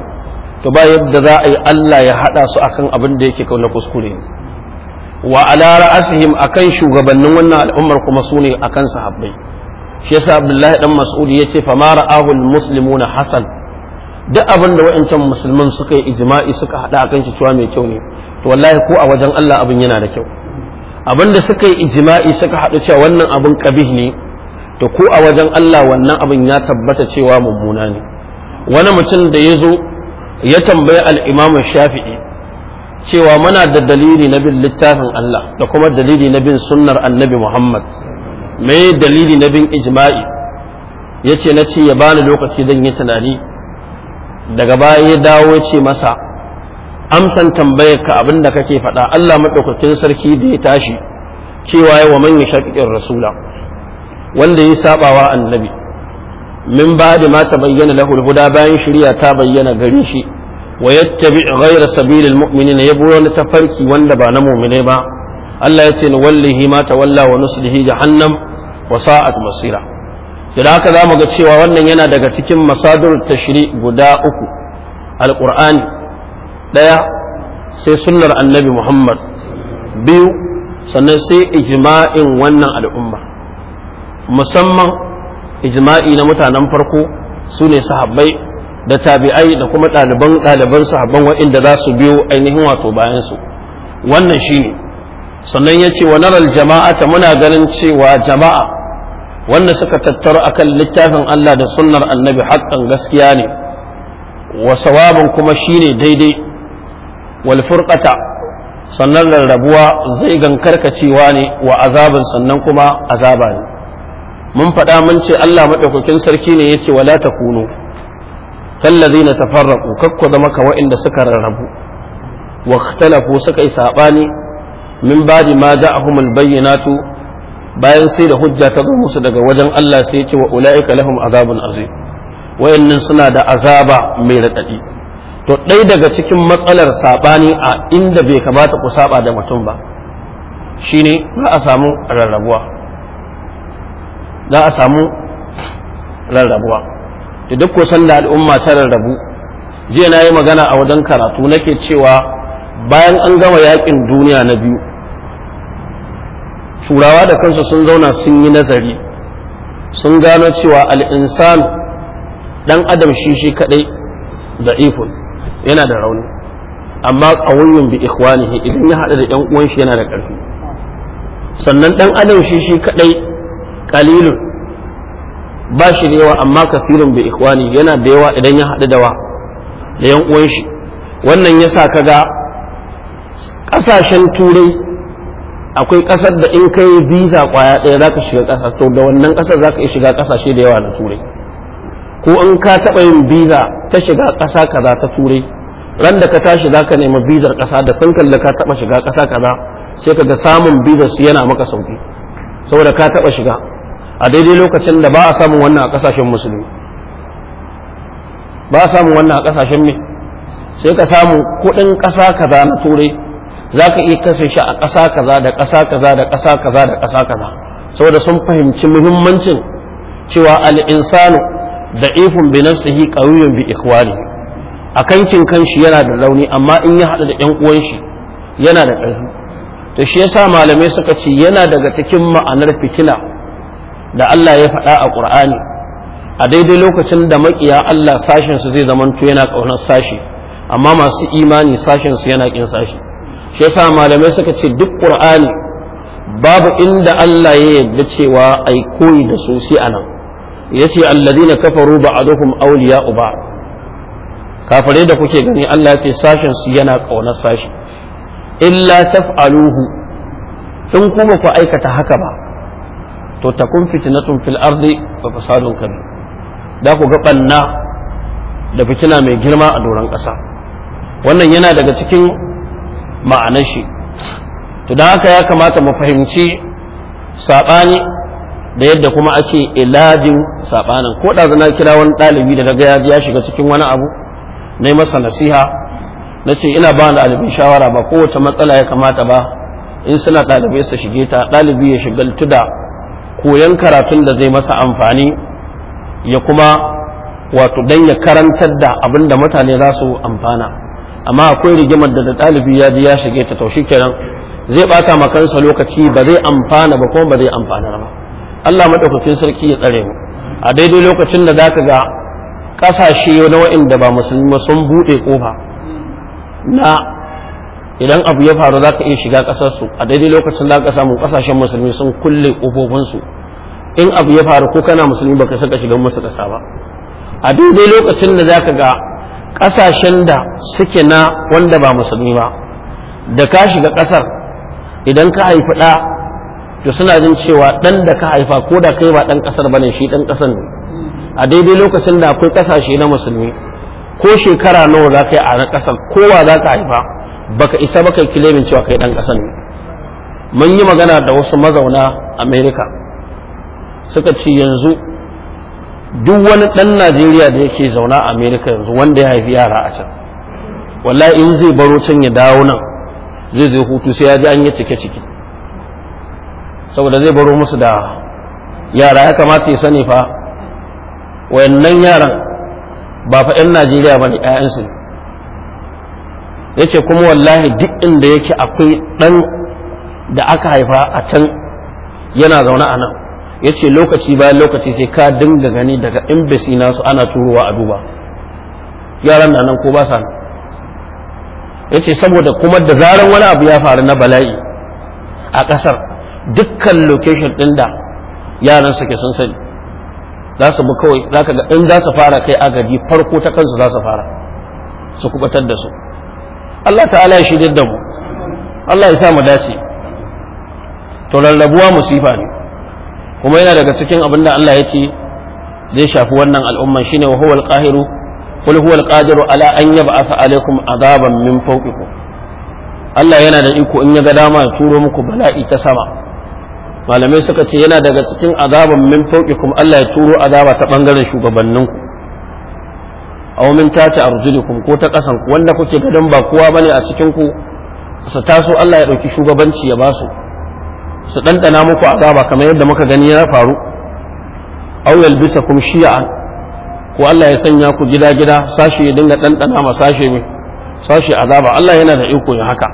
to ba yadda za a yi Allah ya haɗa su akan abin da yake kauna kuskure wa ala a akan shugabannin wannan al'ummar kuma su ne akan sahabbai shi yasa abdullahi dan mas'udi ya ce ma ra'ahu almuslimuna hasan duk abin da wa'ancan musulman suka yi ijma'i suka hada akan shi cewa mai kyau ne to wallahi ko a wajen Allah abin yana da kyau abin da suka yi ijma'i suka haɗu cewa wannan abin kabih ne to ko a wajen Allah wannan abin ya tabbata cewa mummuna ne wani mutum da ya zo ya tambayi al-imam shafi'i cewa muna da dalili na bin littafin Allah da kuma dalili na bin sunnar annabi Muhammad me dalili na bin ijma'i yace na ce ya bani lokaci zan yi tunani daga baya ya dawo ce masa amsan tambayar ka abin da kake faɗa Allah maɗaukakin sarki da ya tashi cewa ya wa manya shaƙiƙin rasula wanda ya saɓawa annabi min ba da ma ta bayyana lahul huda bayan shirya ta bayyana gare shi wa yattabi ghayra sabilil mu'minina ya buro wani farki wanda ba na muminai ba Allah ya ce ni wallahi ma walla wa nuslihi jahannam wa sa'at masira da haka zamu ga cewa wannan yana daga cikin masadar masadur tashri guda uku alqur'ani daya sai sunnar annabi Muhammad biyu sannan sai ijima'in wannan al'umma musamman ijima'i na mutanen farko su ne sahabbai da tabi'ai da kuma ɗaliban ɗaliban sahabban wa'inda za su biyo ainihin wato bayan su wannan shine sannan ya ce wa naral jama'ata muna ganin cewa jama'a wanda suka tattaro akan littafin Allah da sunnar annabi haƙƙan gaskiya ne wa sawabin kuma shine daidai wal furqata sannan rarrabuwa zai gankarkacewa ne wa azabin sannan kuma azaba ne mun faɗa mun ce Allah maɗaukakin sarki ne ya ce wala takunu na tafarraku kakku zama maka wa'inda suka rarrabu wa ikhtalafu suka yi sabani min a ma bayyana bayyinatu bayan sai da hujja ta zo musu daga wajen Allah sai ya ce wa ulaika lahum azabun azim wayannan suna da azaba mai raɗaɗi to ɗaya daga cikin matsalar saɓani a inda bai kamata ku saɓa da mutum ba shine za a samu rarrabuwa za a samu rarrabuwa da duk ko da al'umma ta rarrabu jiya na yi magana a wajen karatu nake cewa bayan an gama yakin duniya na biyu turawa da kansu sun zauna sun yi nazari sun gano cewa al'insan dan adam shi shi kadai da ikon yana da rauni amma qawiyun bi ikhwanihi idan ya hada da yan uwan shi yana da karfi sannan dan adam shi shi kadai qalilun ba shi da yawa amma kasirin bi ikhwani yana da yawa idan ya haɗu da wa da yan uwan shi wannan yasa kaga ƙasashen turai akwai ƙasar da in kai visa kwaya ɗaya za ka shiga ƙasa to da wannan ƙasar za ka iya shiga ƙasashe da yawa na turai ko in ka taɓa yin visa ta shiga ƙasa kaza ta turai ran da ka tashi za ka nemi bizar ƙasa da sun kalli ka taɓa shiga ƙasa kaza sai ka ga samun bizar su yana maka sauki saboda ka taɓa shiga a daidai lokacin da ba a samun wannan a kasashen musulmi ba a samun wannan a kasashen me sai ka samu kuɗin ƙasa kaza na turai za ka iya kasa shi a ƙasa kaza da ƙasa kaza da ƙasa kaza da ƙasa kaza saboda sun fahimci muhimmancin cewa al'insanu da ifin bi nafsihi qawiyun bi ikhwani a kankin kanshi yana da rauni amma in ya haɗu da ƴan uwan shi yana da ƙarfi to shi yasa malamai suka ce yana daga cikin ma'anar fitila da Allah ya faɗa a ƙur'ani a daidai lokacin da makiya Allah sashensu su zai zamanto yana ƙaunar sashi amma masu imani sashensu su yana ƙin sashi shi yasa malamai suka ce duk ƙur'ani babu inda Allah ya yarda cewa ai koyi da su sai anan yace alladhina kafaru ba'dhum awliya'u ba'd kafare da kuke gani Allah ya ce sashen su yana ƙaunar sashi illa taf'aluhu in kuma ku aikata haka ba to ta takun fitinatun fil ardi fa fasadun kabir da ku ga banna da fitina mai girma a doron ƙasa wannan yana daga cikin ma'anar shi to da haka ya kamata mu fahimci saɓani da yadda kuma ake iladin saɓanin ko da zana kira wani ɗalibi da daga ya shiga cikin wani abu na masa nasiha na ce ina ba ɗalibin shawara ba kowace matsala ya kamata ba in suna ɗalibai su shige ta ɗalibi ya shigaltu da koyan karatun da zai masa amfani ya kuma wato dan ya karantar da abin da mutane za su amfana amma akwai rigimar da ɗalibi ya ji ya shige ta taushi kenan zai bata ma kansa lokaci ba zai amfana ba kuma ba zai amfana ba Allah maɗaukakin sarki ya tsare mu a daidai lokacin da zaka ga kasashe na wa'inda ba musulmi sun bude kofa. na idan abu ya faru za ka iya shiga ƙasarsu a daidai lokacin za ka samu ƙasashen musulmi sun kulle ƙofofinsu in abu ya faru ko kana musulmi baka saka shiga musu ƙasa ba a daidai lokacin da za ka ga ƙasashen da suke na wanda ba musulmi ba da ka shiga ƙasar idan ka haifi ɗa to suna jin cewa ɗan da ka haifa ko da kai ba ɗan ƙasar ba ne shi ɗan ƙasar ne a daidai lokacin da akwai ƙasashe na musulmi ko shekara nawa za ka yi a ƙasar kowa za ka haifa baka isa baka yi kilemin cewa kai dan kasan ne mun yi magana da wasu mazauna america suka ce yanzu duk wani ɗan najeriya da yake zauna a america yanzu wanda ya haifi yara a can wallahi in zai baro can ya dawo nan zai zai hutu sai ya ji an yi cike-cike saboda zai baro musu da yara ya kamata ya sani fa wayannan yaran ba fa 'yan najeriya ba ne 'ya'yansu ne yace kuma wallahi duk inda yake akwai dan da aka haifa a can yana zaune a nan yace lokaci bayan lokaci sai ka dinga gani daga embassy nasu ana turowa a duba yaran nan ko ba sa yace saboda kuma da zaran wani abu ya faru na bala'i a kasar dukkan location din da yaran suke sun sani za su bi kawai za ka ga in za su fara kai agaji farko ta kansu za su fara su kubatar da su Allah ta'ala ya shirya da mu Allah ya sa mu dace to rarrabuwa musifa ne kuma yana daga cikin abin da Allah ya ce zai shafi wannan al'umman shine wa huwal qahiru qul huwal qadiru ala an yab'atha alaikum azaban min fawqikum Allah yana da iko in ya ga dama ya turo muku bala'i ta sama malamai suka ce yana daga cikin azaban min fawqikum Allah ya turo azaba ta bangaren shugabanninku aw a tati arjulikum ko ta kasan ku wanda kuke gadan ba kowa ne a cikin ku su taso Allah ya dauki shugabanci ya ba su Su dandana muku azaba kamar yadda muka gani ya faru aw yalbisakum shi'a ko Allah ya sanya ku gida gida sashi ya dinga dandana ma sashi ne sashi azaba Allah yana da iko ya haka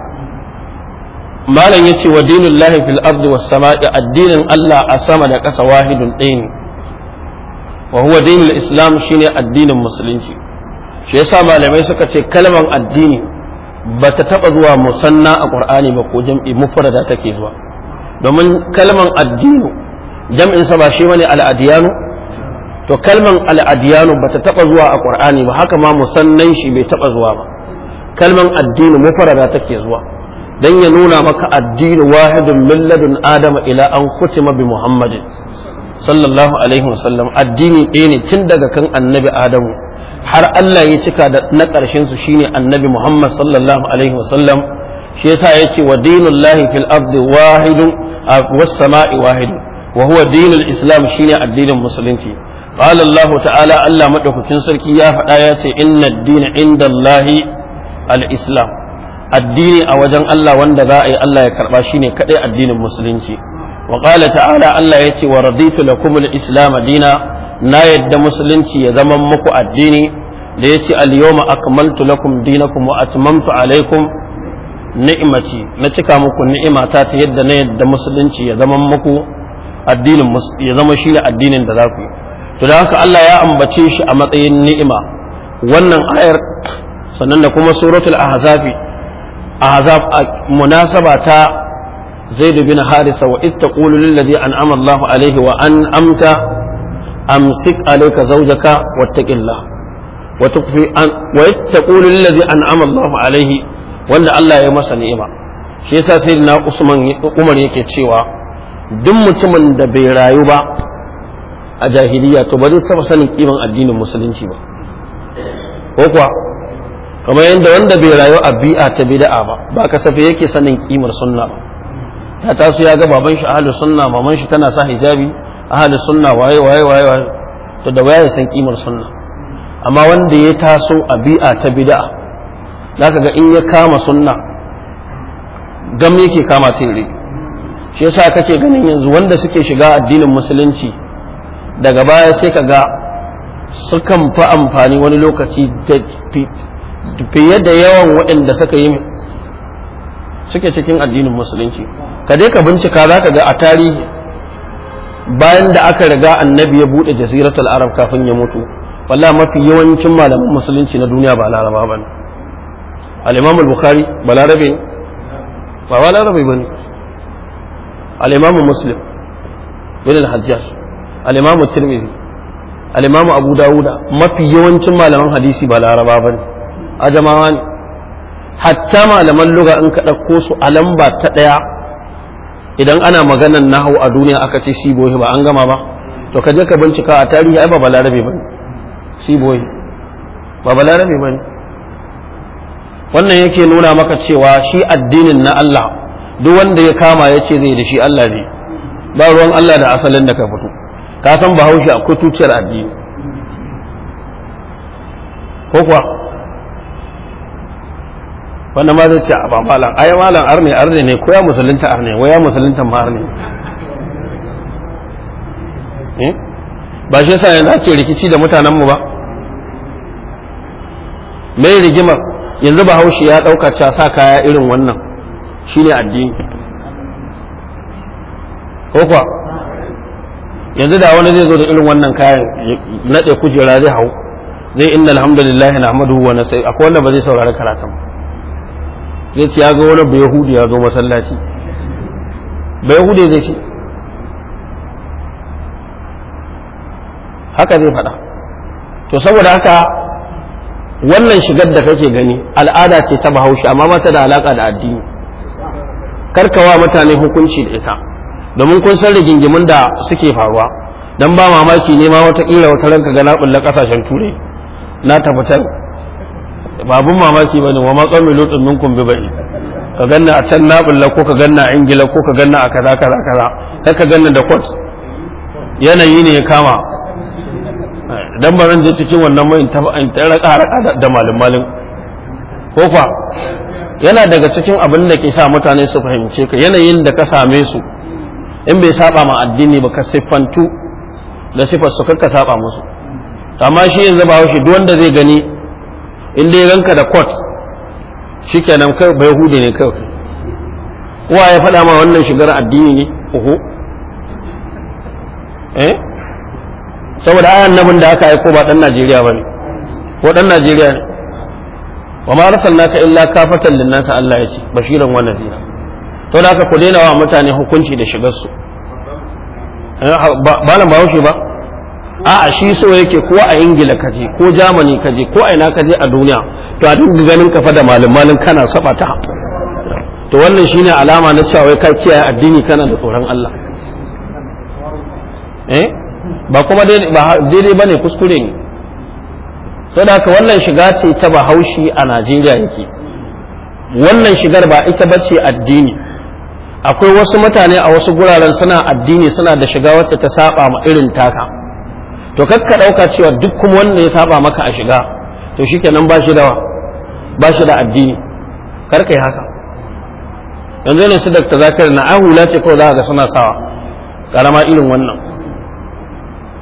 malam yace wa dinullahi fil ardi was sama'i addinin Allah a sama da kasa wahidun ɗaya ne wa huwa dinul islam shine addinin musulunci shi yasa malamai suka ce kalmar addini ba ta taɓa zuwa musanna a ƙur'ani ba ko jam'i mufrada take zuwa domin kalmar addini jam'in sa ba shi bane al'adiyanu to kalmar al'adiyanu ba ta taɓa zuwa a ƙur'ani ba haka ma musannan shi bai taɓa zuwa ba kalmar addini mufrada take zuwa dan ya nuna maka addini wahidun min ladun adama ila an kutima bi muhammadin sallallahu alaihi wasallam addini ɗaya ne tun daga kan annabi adamu har Allah ya cika da na ƙarshen su shine annabi Muhammad sallallahu alaihi wasallam shi yasa yace wa dinullahi fil ardi wahidun sama'i wahidun wa huwa dinul islam shine addinin musulunci قال الله تعالى ألا مدكوكين سركي يا فداياتي إن الدين عند الله الإسلام الدين أوجن الله وان دائي الله يكرباشيني كدي الدين المسلمين وقال تعالى ألا يتي ورديت لكم الإسلام دينا na yadda musulunci ya zama muku addini da ya ce al-yawma akmaltu lakum dinakum wa atmamtu alaikum ni'mati na cika muku ni'imata ta yadda na yadda musulunci ya zama muku addinin ya zama shi addinin da za ku yi to da haka Allah ya ambace shi a matsayin ni'ima wannan ayar sannan da kuma suratul ahzabi ahzab munasaba ta Harisa wa ittaqulu lillazi an'ama Allahu أنعم wa an amta amsik alayka zawjaka wattaqillah wa tukfi an wa yattaqul allazi an'ama Allahu alayhi wanda Allah ya masa ni'ima shi yasa sayyidina Usman Umar yake cewa duk mutumin da bai rayu ba a jahiliya to ba zai saba sanin kiman addinin musulunci ba ko kuwa kamar yadda wanda bai rayu a bi'a ta bid'a ba ba kasafe yake sanin kimar sunna ba ya tasu ya ga baban shi ahlus sunna maman shi tana sa hijabi ahalin sunna waye waye waye to da waye san kimar sunna amma wanda ya taso a bi'a ta bid'a zaka ga in ya kama sunna gam yake kama sai shi yasa kake ganin yanzu wanda suke shiga addinin musulunci daga baya sai ka ga sukan fi amfani wani lokaci da fiye da yawan waɗanda suka yi suke cikin addinin musulunci ka je ka bincika za ka ga a tarihi bayan da aka riga annabi ya buɗe jaziratul arab kafin ya mutu walla mafi yawancin malaman musulunci na duniya ba laraba ba ne al-imam al-bukhari ba larabe ne ba ba larabe ba ne al-imam muslim bin al-hajjaj al-imam tirmidhi al-imam abu dawuda mafi yawancin malaman hadisi ba laraba ba ne ajamawa ne hatta malaman lugha in ka ɗauko su a lamba ta ɗaya idan ana maganan nahu a duniya aka ce siboyi ba an gama ba to ka je ka bincika a tarihi ai ba balarabe ba siboyi ba balarabe ba wannan yake nuna maka cewa shi addinin na Allah duk wanda ya kama ya ce zai da shi Allah ne ba ruwan Allah da asalin da ka fito ka san bahaushe akwai tuciyar addini ko kuwa Wannan ma zai ce a ba a yi malam arne arne ne ko ya musulunta arne ya musulunta ma arne eh? ba shi yasa yanzu ake rikici da mutanen mu ba mai rigimar yanzu ba haushi ya ɗauka cewa sa kaya irin wannan shi ne addini ko kuwa yanzu da wani zai zo da irin wannan kayan nade kujera zai hau zai inna alhamdulillah na hamadu wa nasai akwai wanda ba zai saurari karatun ba zai ce ya ga wani bayahudi ya zo masallaci bayahudi zai ce haka zai faɗa to saboda haka wannan shigar da kake gani al'ada ce ta bahaushe amma mata da alaƙa da addini karkawa mutane hukunci da ita domin kun san rigingimin da suke faruwa don ba mamaki nema wata ƙila wata ranka ga na ƙasashen turai na tabbatar babun mamaki bane wa ma matsalmi lutsun minkum bi ba'i ka ganna a can nabulla ko ka ganna a ingila ko ka ganna a kaza kaza kaza kar ka ganna da court yanayi ne ya kama dan ba zan je cikin wannan mai in ta raka raka da malum malum ko fa yana daga cikin abin da ke sa mutane su fahimce ka yanayin da ka same su in bai saba ma addini ba ka siffantu da siffar su kakka saba musu amma shi yanzu ba shi duk wanda zai gani in dai ranka da kot shikenan kai bai hude ne kai wa ya faɗa ma wannan shigar addini ne uhu eh saboda ayan nabin da aka aiko ba dan Najeriya ba ne ko dan Najeriya ne wa ma arsalnaka illa kafatan linnas Allah ya ce bashiran wa nadira to da aka ku daina wa mutane hukunci da shigar su eh, ba ba bahaushe ba a'a shi so yake ko a ingila kaje ko germany kaje ko a ina kaje a duniya to a duk ganin kafa da malin kana saba ta to wannan shine alama na cewa wai ka kiyaye addini kana da tsoron Allah eh ba kuma ba daidai bane kuskure ne saboda haka wannan shiga ce ta bahaushe a Najeriya yake wannan shigar ba ita bace addini akwai wasu mutane a wasu guraren suna addini suna da shiga wacce ta saba ma irin taka to kakka ɗauka cewa duk kuma wanda ya saba maka a shiga to kenan ba shi da ba shi da addini kar kai haka yanzu ne su da tazakar na la ce kawai za ga suna sawa karama irin wannan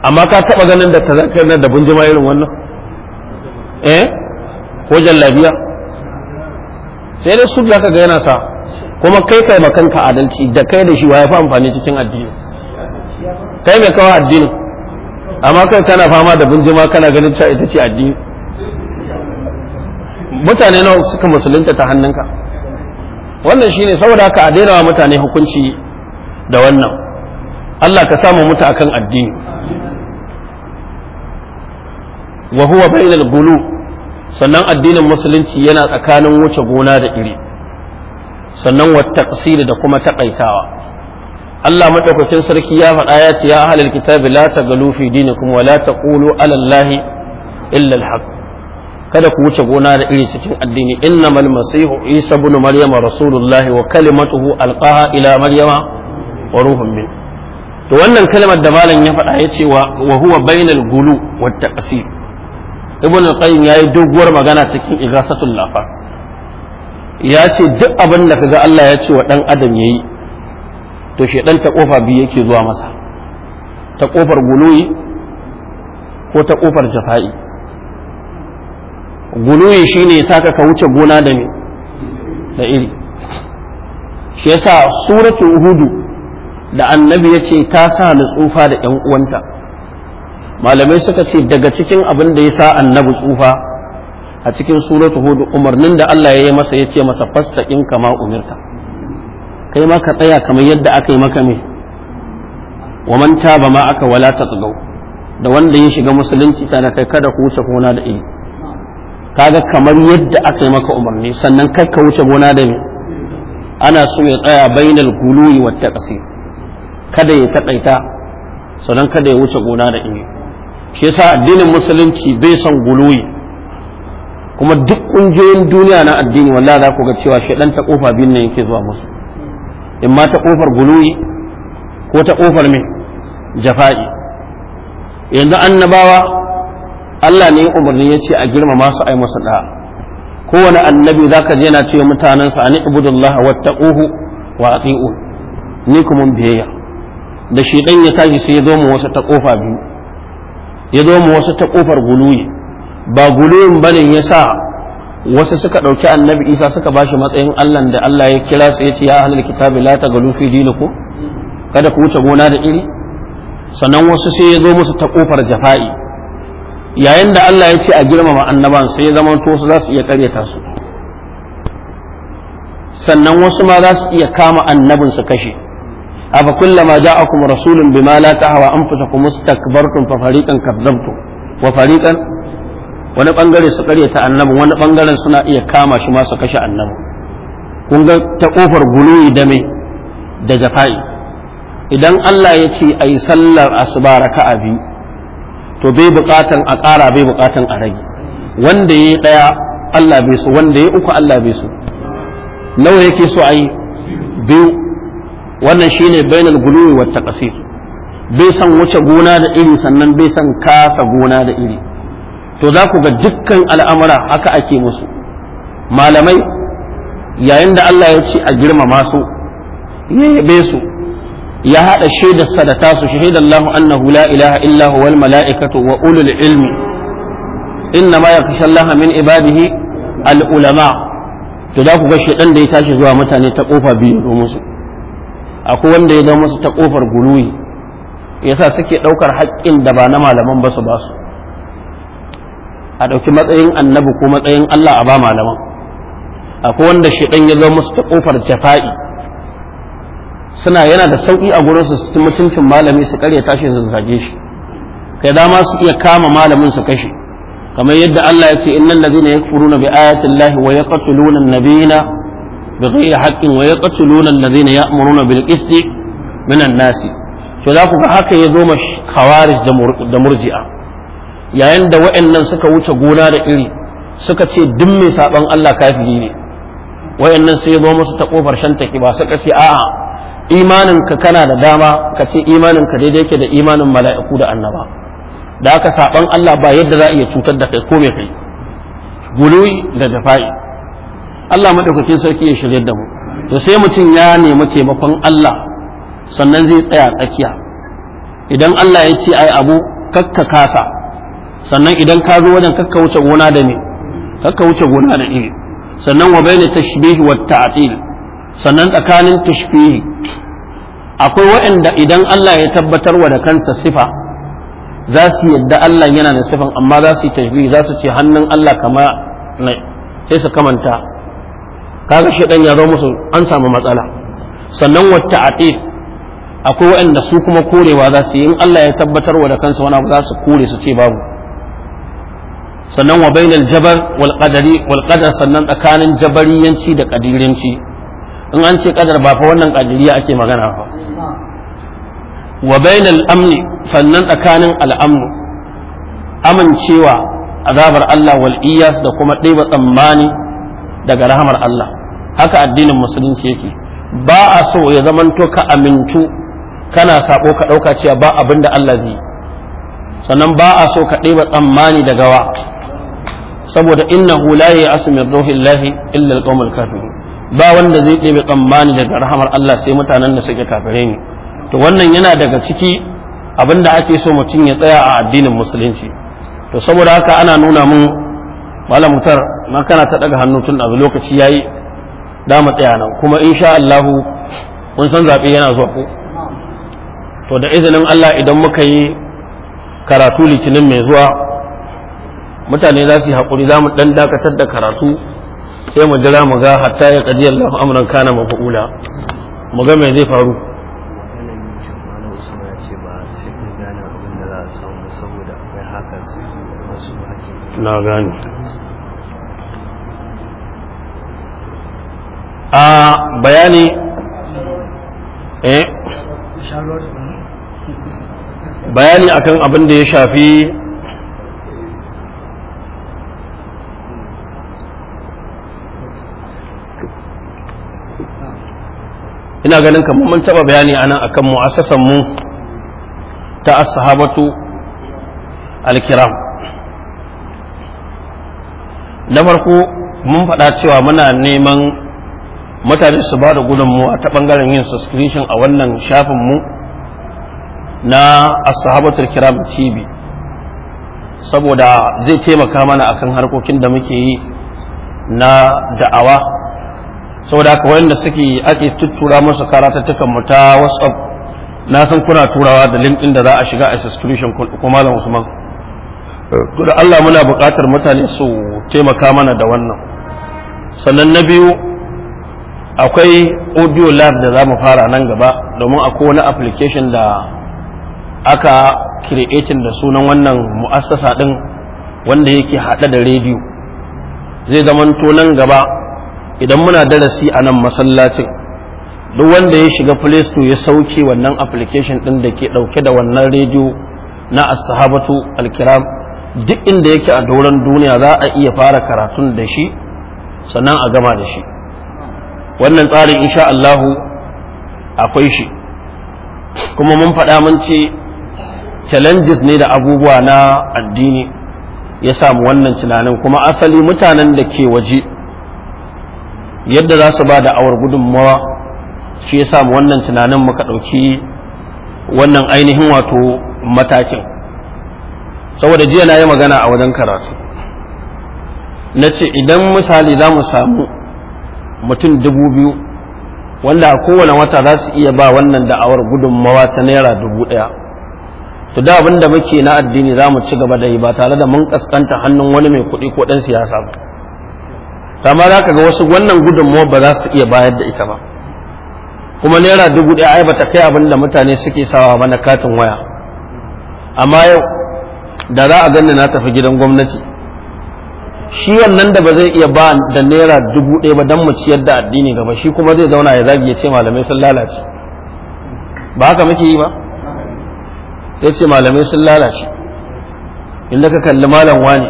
amma ka taba ganin da tazakar na da bunjima irin wannan eh ko jallabiya sai dai su ka ga yana sa kuma kai kai makanka adalci da kai da shi wa ya fi amfani cikin addini kai mai kawai addinin amma kan tana fama da bunjima kana ganin cewa ita ce addini mutane nawa suka musulunta ta hannunka wannan shine saboda haka a daina wa mutane hukunci da wannan Allah ka samu mutu akan addini wa huwa bainal gulu sannan addinin musulunci yana tsakanin wuce gona da iri sannan wa taqsir da kuma taƙaitawa Allah madaukakin sarki ya faɗa ya ce ya ahlal kitabi la tagalu fi dinikum wa la taqulu ala allahi illa alhaq kada ku wuce gona da iri cikin addini innamal masihu isa ibn maryama rasulullah wa kalimatuhu alqaha ila maryama wa ruhun min to wannan kalmar da malam ya faɗa ya ce wa huwa bainal gulu wat taqsir ibn al-qayyim yayi doguwar magana cikin igasatul lafa ya ce duk abin da kaga Allah ya ce wa dan adam yayi to shedan ta kofa biyu yake zuwa masa ta kofar guluyi ko ta kofar jafa'i guluyi shine ya saka ka wuce gona da ni, da iri shi yasa suratul hudu da annabi yace ta sa ni tsufa da 'yan uwanta malamai suka ce daga cikin abin da ya sa annabi tsufa a cikin suratu hudu umarnin da Allah ya yi masa ya ce masa fasta in kama umirta kai ma ka tsaya kamar yadda aka yi maka mai wa man taba ma aka wala ta tsagau da wanda ya shiga musulunci tana kai kada ku wuce gona da iri kaga kamar yadda aka yi maka umarni sannan kai ka wuce gona da me ana so ya tsaya bainal guluyi wa taqsir kada ya taɗaita, sannan kada ya wuce gona da iri shi yasa addinin musulunci bai son guluyi kuma duk kungiyoyin duniya na addini wallahi za ku ga cewa shedan ta kofa bin nan yake zuwa musu in ma ta kofar guluyi, ko ta kofar mai jafa'i yanzu annabawa Allah ne umarni ya ce a girmama su ai masa da kowane annabi zaka je yana ce mutanensa an ibudullah wattaquhu wa ati'u ni kuma biyayya da shi dan ya tashi sai ya zo mu wasu ta ƙofa biyu ya zo mu wasu ta kofar guluyi ba guluyin bane ya sa wasu suka ɗauki annabi isa suka ba shi matsayin allah da allah ya kira su ya ce ya ahlul kitabi la tagalu fi dinikum kada ku wuce gona da iri sannan wasu sai ya zo musu ta kofar jafa'i yayin da allah ya ce a girmama annaban sai ya zama wasu za su iya karyata su sannan wasu ma za su iya kama annabin su kashe afa kullama ja'akum rasulun bima la tahwa anfusakum istakbartum fa fariqan kadzabtum wa fariqan wani bangare su karyata annabi wani bangaren suna iya kama shi ma su kashe annabi kun ga ta kofar guluyi da me da jafa'i idan Allah ya ce ayi sallar asuba raka'a biyu to bai buƙatan a ƙara bai buƙatan a rage wanda ya ɗaya Allah bai so wanda ya uku Allah bai so nawa yake so ayi biyu wannan shine bainal guluyi wat taqsir bai san wuce gona da iri sannan bai san kasa gona da iri to za ku ga dukkan al'amura haka ake musu malamai yayin da Allah ya ce a girmama su ya yabe su ya haɗa shaidarsa da su shaidar Allah annahu la ilaha illahu wal mala'ikatu wa ulul ilmi inna ma yakhsha Allah min ibadihi al'ulama. to za ku ga shaidan da ya tashi zuwa mutane ta ƙofa biyu musu akwai wanda ya zama musu ta ƙofar guluyi yasa suke ɗaukar haƙƙin da ba na malaman ba su ba su a ɗauki matsayin annabi ko matsayin Allah a ba malaman akwai wanda shaidan ya zo musu ta kofar jafa'i suna yana da sauƙi a gurin su mutuncin malami su karya tashi su zage shi kai dama su iya kama malamin su kashe kamar yadda Allah ya ce innal ladina yakfuruna bi ayati llahi wa yaqtuluna an-nabiyina bighairi haqqin wa yaqtuluna alladhina ya'muruna bil qisti minan nasi to za ku ga haka ya zo mash khawarij da murji'a yayin da wayannan suka wuce gona da iri suka ce duk mai saban Allah kafiri ne wayannan sai zo musu ta kofar shanta ba suka ce a'a imanin kana da dama ka ce imanin ka daidai yake da imanin mala'iku da annaba da aka saban Allah ba yadda za a iya cutar da kai ko kai guluyi da dafa'i Allah madaukakin sarki ya shirya da mu to sai mutum ya nemi taimakon Allah sannan zai tsaya tsakiya idan Allah ya ce ai abu kakka kasa sannan idan ka zo wajen kakka wuce gona da ne kakka wuce gona da ne sannan wa shi tashbih wa ta'atil sannan tsakanin tashbih akwai waɗanda idan Allah ya tabbatar wa da kansa sifa za su yadda Allah yana da sifan amma za su yi tashbih za su ce hannun Allah kama sai su kamanta kaga dan ya zo musu an samu matsala sannan wa ta'atil akwai waɗanda su kuma korewa za su yi in Allah ya tabbatar wa da kansa wani abu za su kore su ce babu sannan wa bainal jabar wal qadari wal qadar sannan tsakanin jabariyanci da qadirinci in an ce qadar ba fa wannan qadiriya ake magana fa wa bainal amni sannan tsakanin al'amnu amincewa azabar Allah wal iyas da kuma ɗeba tsammani daga rahamar Allah haka addinin musulunci yake ba a so ya zamanto ka amintu kana sako ka ɗauka cewa ba abin da Allah zai sannan ba a so ka ɗeba tsammani daga wa saboda innahu la ya'asu min lahi, illa al kafirun ba wanda zai ɗebe tsammani daga rahamar Allah sai mutanen da suke kafire ne to wannan yana daga ciki abin da ake so mutum ya tsaya a addinin musulunci to saboda haka ana nuna mun malam mutar na kana ta daga hannu tun abu lokaci yayi da mu tsaya nan kuma insha Allah mun san zabe yana zuwa ko to da izinin Allah idan muka yi karatu litinin mai zuwa mutane za su yi haƙuri za mu ɗan dakatar da karatu sai mu jira mu ga hatta ya ƙadi Allah amuran kana ula. mu ga mai zai faru na gani a bayani eh bayani akan abin da ya shafi ina ganin kamar mun taɓa bayani anan akan mu'assasan mu ta as-sahabatu al na farko mun faɗa cewa muna neman mutane su ba da gudunmuwa ta ɓangaren yin subscription a wannan shafin mu na as-sahabatul kiram TV saboda zai taimaka mana akan harkokin da muke yi na da'awa saboda haka wanda suke ake tuttura musu karatattukan mu ta WhatsApp na san kuna turawa da link da za a shiga a subscription ko malam Usman to Allah muna buƙatar mutane su taimaka mana da wannan sannan na biyu akwai audio lab da za mu fara nan gaba domin akwai wani application da aka creating da sunan wannan mu'assasa din wanda yake haɗa da rediyo zai zamanto nan gaba idan muna darasi a nan masallacin duk wanda ya shiga play ya sauke wannan application ɗin da ke ɗauke da wannan rediyo na asahabatu alkiram duk inda yake a doron duniya za a iya fara karatun da shi sannan a gama da shi wannan tsarin insha Allahu akwai shi kuma mun faɗa mun ce challenges ne da abubuwa na addini ya samu wannan tunanin kuma asali mutanen da ke waje yadda za su ba da awar gudunmawa shi ya samu wannan tunanin muka ɗauki wannan ainihin wato matakin saboda jiya na yi magana a wajen karatu na ce idan misali za mu samu mutum dubu biyu wanda a kowane wata za su iya ba wannan da'awar gudunmawa ta naira dubu ɗaya to da abinda muke na addini za mu ci gaba da yi ba tare da mun kaskanta hannun wani mai kuɗi ko ɗan siyasa ba kamar za ka ga wasu wannan gudunmuwa ba za su iya bayar da ita ba kuma naira dubu ɗaya ai bata kai abin da mutane suke sawa ba na katin waya amma yau da za a ganni na tafi gidan gwamnati shi wannan da ba zai iya ba da naira dubu ɗaya ba don mu ciyar da addini gaba shi kuma zai zauna ya zagi ya ce malamai sun lalace ba haka muke yi ba ya ce malamai sun lalace inda ka kalli malam ne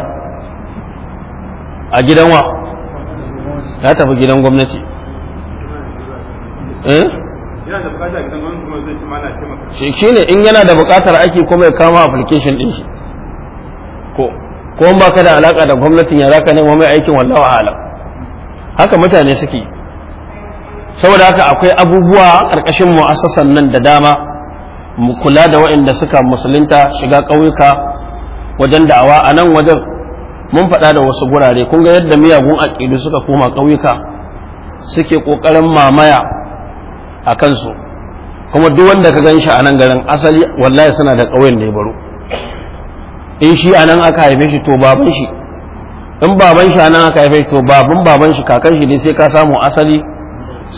a gidan wa ya tafi gidan gwamnati eh? shi shi ne in yana da bukatar aiki kuma ya kama application din shi ko ko ba ka da alaka da gwamnatin ya zaka nemo mai aikin wallahu alam haka mutane suke saboda haka akwai abubuwa karkashin mu'assasan nan da dama mu kula da waɗanda suka musulunta shiga ƙauyuka wajen da'awa a nan wajen mun faɗa da wasu gurare kun ga yadda miyagun aƙidu suka koma ƙauyuka suke ƙoƙarin mamaya a kansu kuma duk wanda ka gan shi a nan garin asali wallahi suna da ƙauyen da ya baro in shi a nan aka haife shi to baban shi in baban shi a aka haife shi to baban baban shi kakan shi ne sai ka samu asali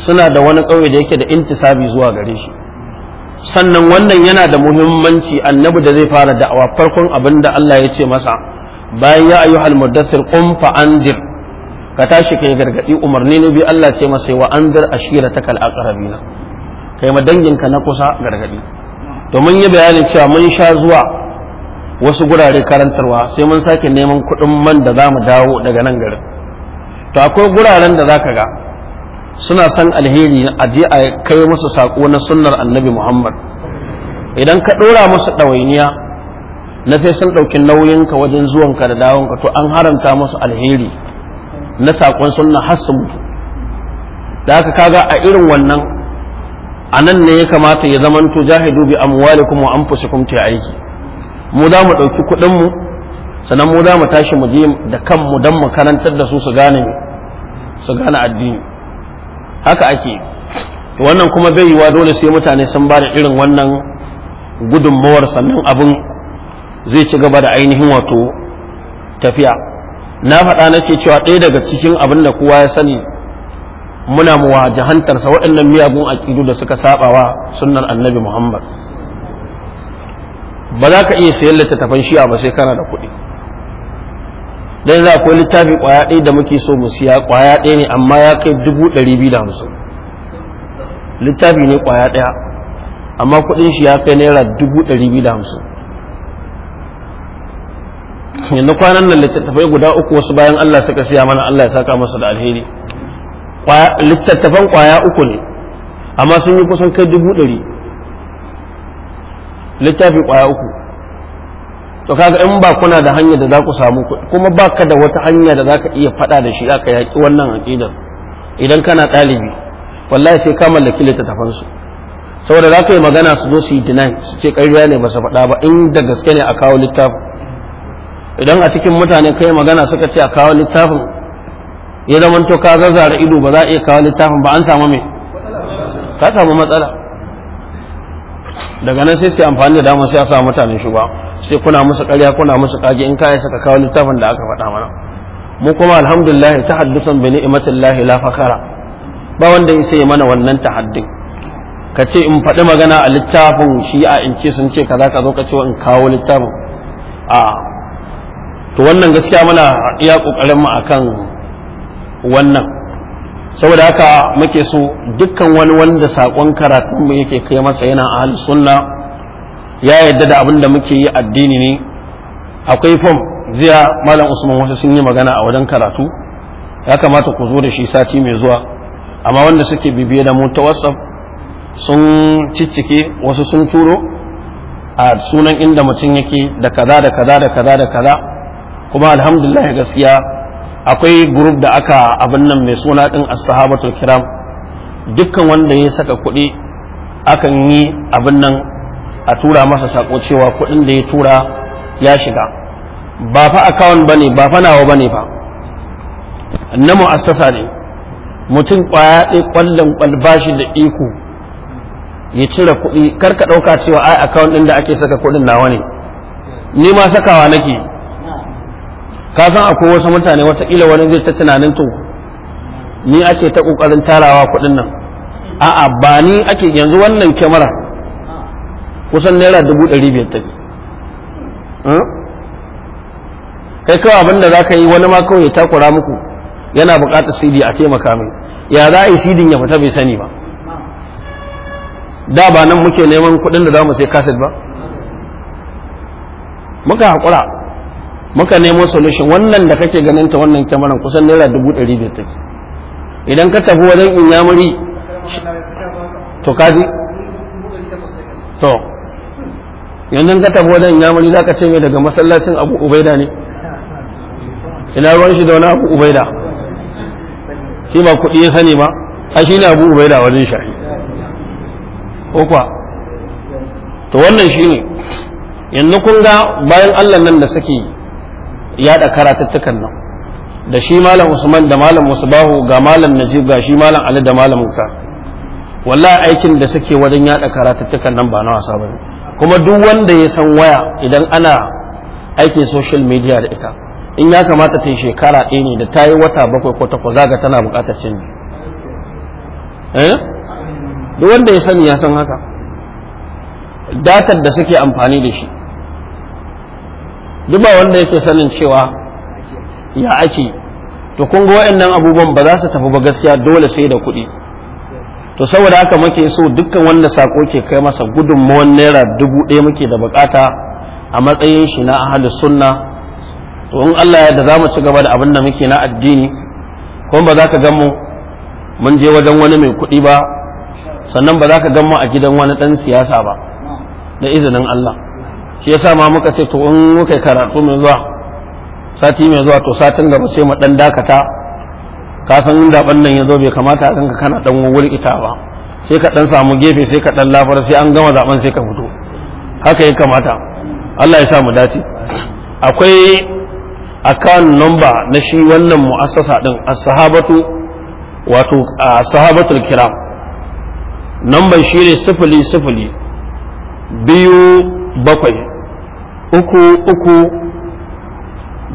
suna da wani ƙauye da yake da intisabi zuwa gare shi sannan wannan yana da muhimmanci annabi da zai fara da'awa farkon abin da Allah ya ce masa bayan ya ayyuhal muddassir qum fa andir ka tashi kai gargadi umarni ne bi Allah ce masa wa andir ashiratak al aqrabina kai ma danginka na kusa gargadi to mun yi bayanin cewa mun sha zuwa wasu gurare karantarwa sai mun sake neman kuɗin man da za mu dawo daga nan garin to akwai guraren da za ka ga suna son alheri a je a kai musu sako na sunnar annabi muhammad idan ka ɗora musu ɗawainiya na sai sun ɗauki nauyinka wajen zuwanka da dawonka to an haramta musu alheri na saƙon sunna har su mutu da haka kaga a irin wannan a nan ne ya kamata ya zamanto jahidu bi amwalikum wa anfusikum ta aiki mu za mu ɗauki kuɗinmu sannan mu za mu tashi mu je da kanmu dan mu karantar da su su gane su gane addini haka ake wannan kuma bai yiwa dole sai mutane sun ba da irin wannan gudunmawar sannan abin zai ci gaba da ainihin wato tafiya na faɗa na ce cewa ɗaya daga cikin abin da kowa ya sani muna jahantarsa waɗannan miyagun aƙidu da suka sabawa sunnar annabi muhammad ba za ka iya sayan littattafan shi ba sai kana da kuɗi dan za akwai littafi ƙwaya ɗaya da muke so mu siya ƙwaya ɗaya ne amma ya kai dubu ɗari biyu da hamsin littafi ne ƙwaya ɗaya amma kuɗin shi ya kai naira dubu ɗari biyu da hamsin yanzu kwanan nan littattafai guda uku wasu bayan Allah suka siya mana Allah ya saka masa da alheri littattafan kwaya uku ne amma sun yi kusan kai dubu ɗari littafi kwaya uku to kaga in ba kuna da hanya da za ku samu kuma ba ka da wata hanya da za ka iya faɗa da shi aka yaƙi wannan aƙidar idan kana ɗalibi wallahi sai ka mallaki littattafansu saboda za ka yi magana su zo su yi dinan su ce ƙarya ne ba su faɗa ba in da gaske ne a kawo littafin idan a cikin mutane kai magana suka ce a kawo littafin ya zama to ka zazzara ido ba za a iya kawo littafin ba an samu me ka samu matsala daga nan sai sai amfani da dama sai a samu mutane shi ba sai kuna musu ƙarya kuna musu ƙage in kaya suka kawo littafin da aka faɗa mana mu kuma alhamdulillah tahaddusan bi ni'matillahi la fakara ba wanda ya sai mana wannan tahaddin ka ce in faɗi magana a littafin a in ce sun ce kaza ka zo ka ce in kawo littafin a to wannan gaskiya muna iya kokarin mu akan wannan saboda haka muke so dukkan wani wanda sakon karatu mu yake kai masa yana ahli sunna ya yadda da abin da muke yi addini ne akwai fom jiya malam usman wasu sun yi magana a wajen karatu ya kamata ku zo da shi sati mai zuwa amma wanda suke bibiye da mu ta whatsapp sun ciccike wasu sun turo a sunan inda mutum yake da kaza da kaza da kaza da kaza kuma alhamdulillah gaskiya akwai group da aka abin nan mai suna din as-sahabatul kiram dukkan wanda ya saka kuɗi akan yi abin nan a tura masa sako cewa kuɗin da ya tura ya shiga ba fa account bane ba fa nawa bane ba na mu'assasa ne mutum kwaya ɗaya ƙwallon ƙwalbashi da iko ya cire kuɗi karka ɗauka cewa ai account ɗin da ake saka kuɗin nawa ne ni ma sakawa nake ka san akwai wasu mutane watakila wani zai ta tunanin to ni ake ta kokarin tarawa kuɗin nan a'a ba ni ake yanzu wannan kyamara kusan naira dubu ɗari biyar ta hmm? kai kawai abin da za ka yi wani ma kawai ya takura muku yana buƙatar cd a taimaka mai ya za a yi cd ya fita bai sani ba da ba nan muke neman kuɗin da za mu sai kaset ba muka haƙura muka nemo solution wannan da kake ganin ta wannan kyamaran kusan naira dubu ɗari da take idan ka tafi wajen inyamuri to kaji to yanzu ka tafi wajen inyamuri za ka ce mai daga masallacin abu ubaida ne ina ruwan shi da wani abu ubaida shi ba kuɗi ya sani ba a shi ne abu ubaida wajen shahi ko to wannan shi ne yanzu kun ga bayan allah nan da suke yi Yaɗa karatattukan nan da shi malam usman da malam musbahu ga malam najib ga shi malam ali da malam muka wallahi aikin da suke wajen yaɗa karatattukan nan ba na wasa bane kuma duk wanda ya san waya idan ana aikin social media da ita in ya kamata ta yi shekara ɗaya ne da ta yi wata bakwai ko takwas zaga tana buƙatar canji eh? duk wanda ya sani ya san haka datar da suke amfani da shi duk ba wanda yake sanin cewa ya ake to kun ga waɗannan abubuwan ba za su tafi ba gaskiya dole sai da kuɗi to saboda haka muke so dukkan wanda sako ke kai masa gudunmawar naira dubu ɗaya muke da bukata a matsayin shi na ahli sunna to in Allah ya da za mu ci gaba da abin da muke na addini kuma ba za ka gan mu mun je wajen wani mai kuɗi ba sannan ba za ka gan mu a gidan wani ɗan siyasa ba da izinin Allah shi yasa ma muka ce to in muka karatu mai zuwa sati mai zuwa to satin gaba sai mu dan dakata ka san inda bannan ya zo bai kamata a kanka kana dan wulkita ba sai ka dan samu gefe sai ka dan lafar sai an gama zaben sai ka fito haka ya kamata Allah ya sa mu dace akwai akan number na shi wannan mu'assasa din as-sahabatu wato sahabatul kiram number shi ne sifili sifili biyu bakwai uku uku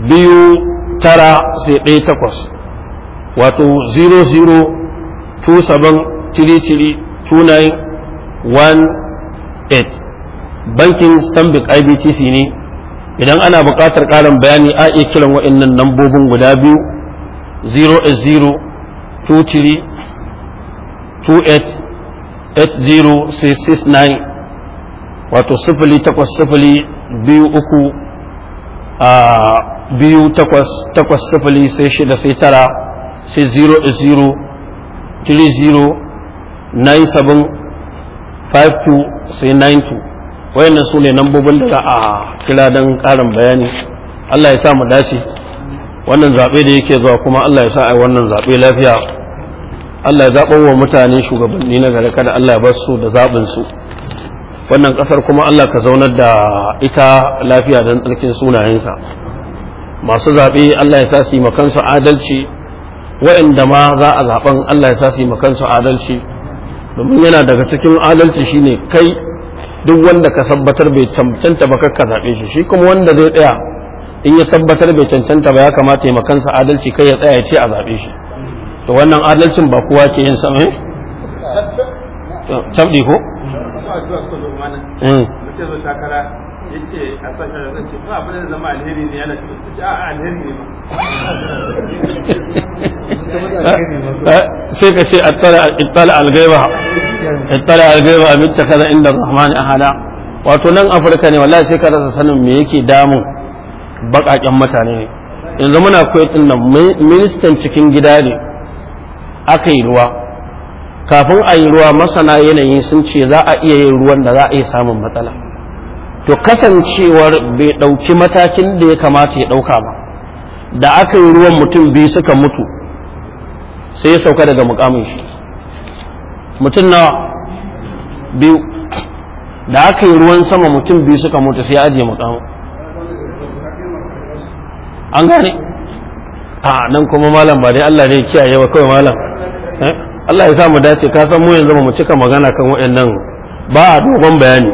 biyu tara sai ɗaya takwas wato eight. bankin stanbic ibtc ne idan ana buƙatar ƙarin bayani a iya kiran waɗannan lambobin guda biyu 08023 six six nine. wato sifili takwas sifili biyu uku a biyu takwas sifili sai shida sai tara sai zero zero three zero nine seven five two sai nine two wayannan su ne nambobin da a kira don ƙarin bayani Allah ya sa mu dace wannan zaɓe da yake zuwa kuma Allah ya sa a wannan zaɓe lafiya Allah ya zaɓar wa mutane shugabanni na gare kada Allah ya bar su da zaɓinsu wannan ƙasar kuma Allah ka zaunar da ita lafiya don tsarkin sunayensa masu zaɓe Allah ya sa su makansu adalci waɗanda ma za a zaɓen Allah ya sa su makansu adalci domin yana daga cikin adalci shine kai duk wanda ka tabbatar bai cancanta ba kakka zaɓe shi shi kuma wanda zai tsaya in ya tabbatar bai cancanta ba ya kamata ya makansa adalci kai ya tsaya ya ce a zaɓe shi to wannan adalcin ba kowa ke yin sa ne tabdi ko Sai kace zo mana eh. mutum zo takara a sashen da abin da zama a alheri eh, kaza inda rahmani ahada wato nan afirka ne wallahi sai ka rasa sanin me yake damun bakaken mutane ne yanzu muna kuwait din nan ministan cikin gida ne aka yi ruwa kafin a yi ruwa masana yanayi sun ce za a iya yin ruwan da za a iya samun matsala to kasancewar bai ɗauki matakin da ya kamata ya ɗauka ba da aka yi ruwan mutum biyu suka mutu sai ya sauka daga mukamin shi mutum na biyu da aka yi ruwan sama mutum biyu suka mutu sai ya ajiye mukamin an gane a nan kuma malam ba dai Allah ne kiyaye wa kawai malam eh Allah ya sa mu dace ka san mu yanzu mu cika magana kan waɗannan ba a dogon bayani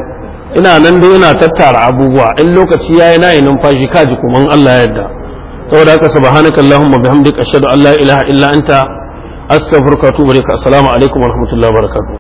ina nan dai ina tattara abubuwa in lokaci yayi na yi numfashi ka ji kuma Allah ya yarda saboda haka subhanaka allahumma bihamdika ashhadu an la ilaha illa anta astaghfiruka wa atubu ilaik assalamu alaikum wa rahmatullahi wa barakatuh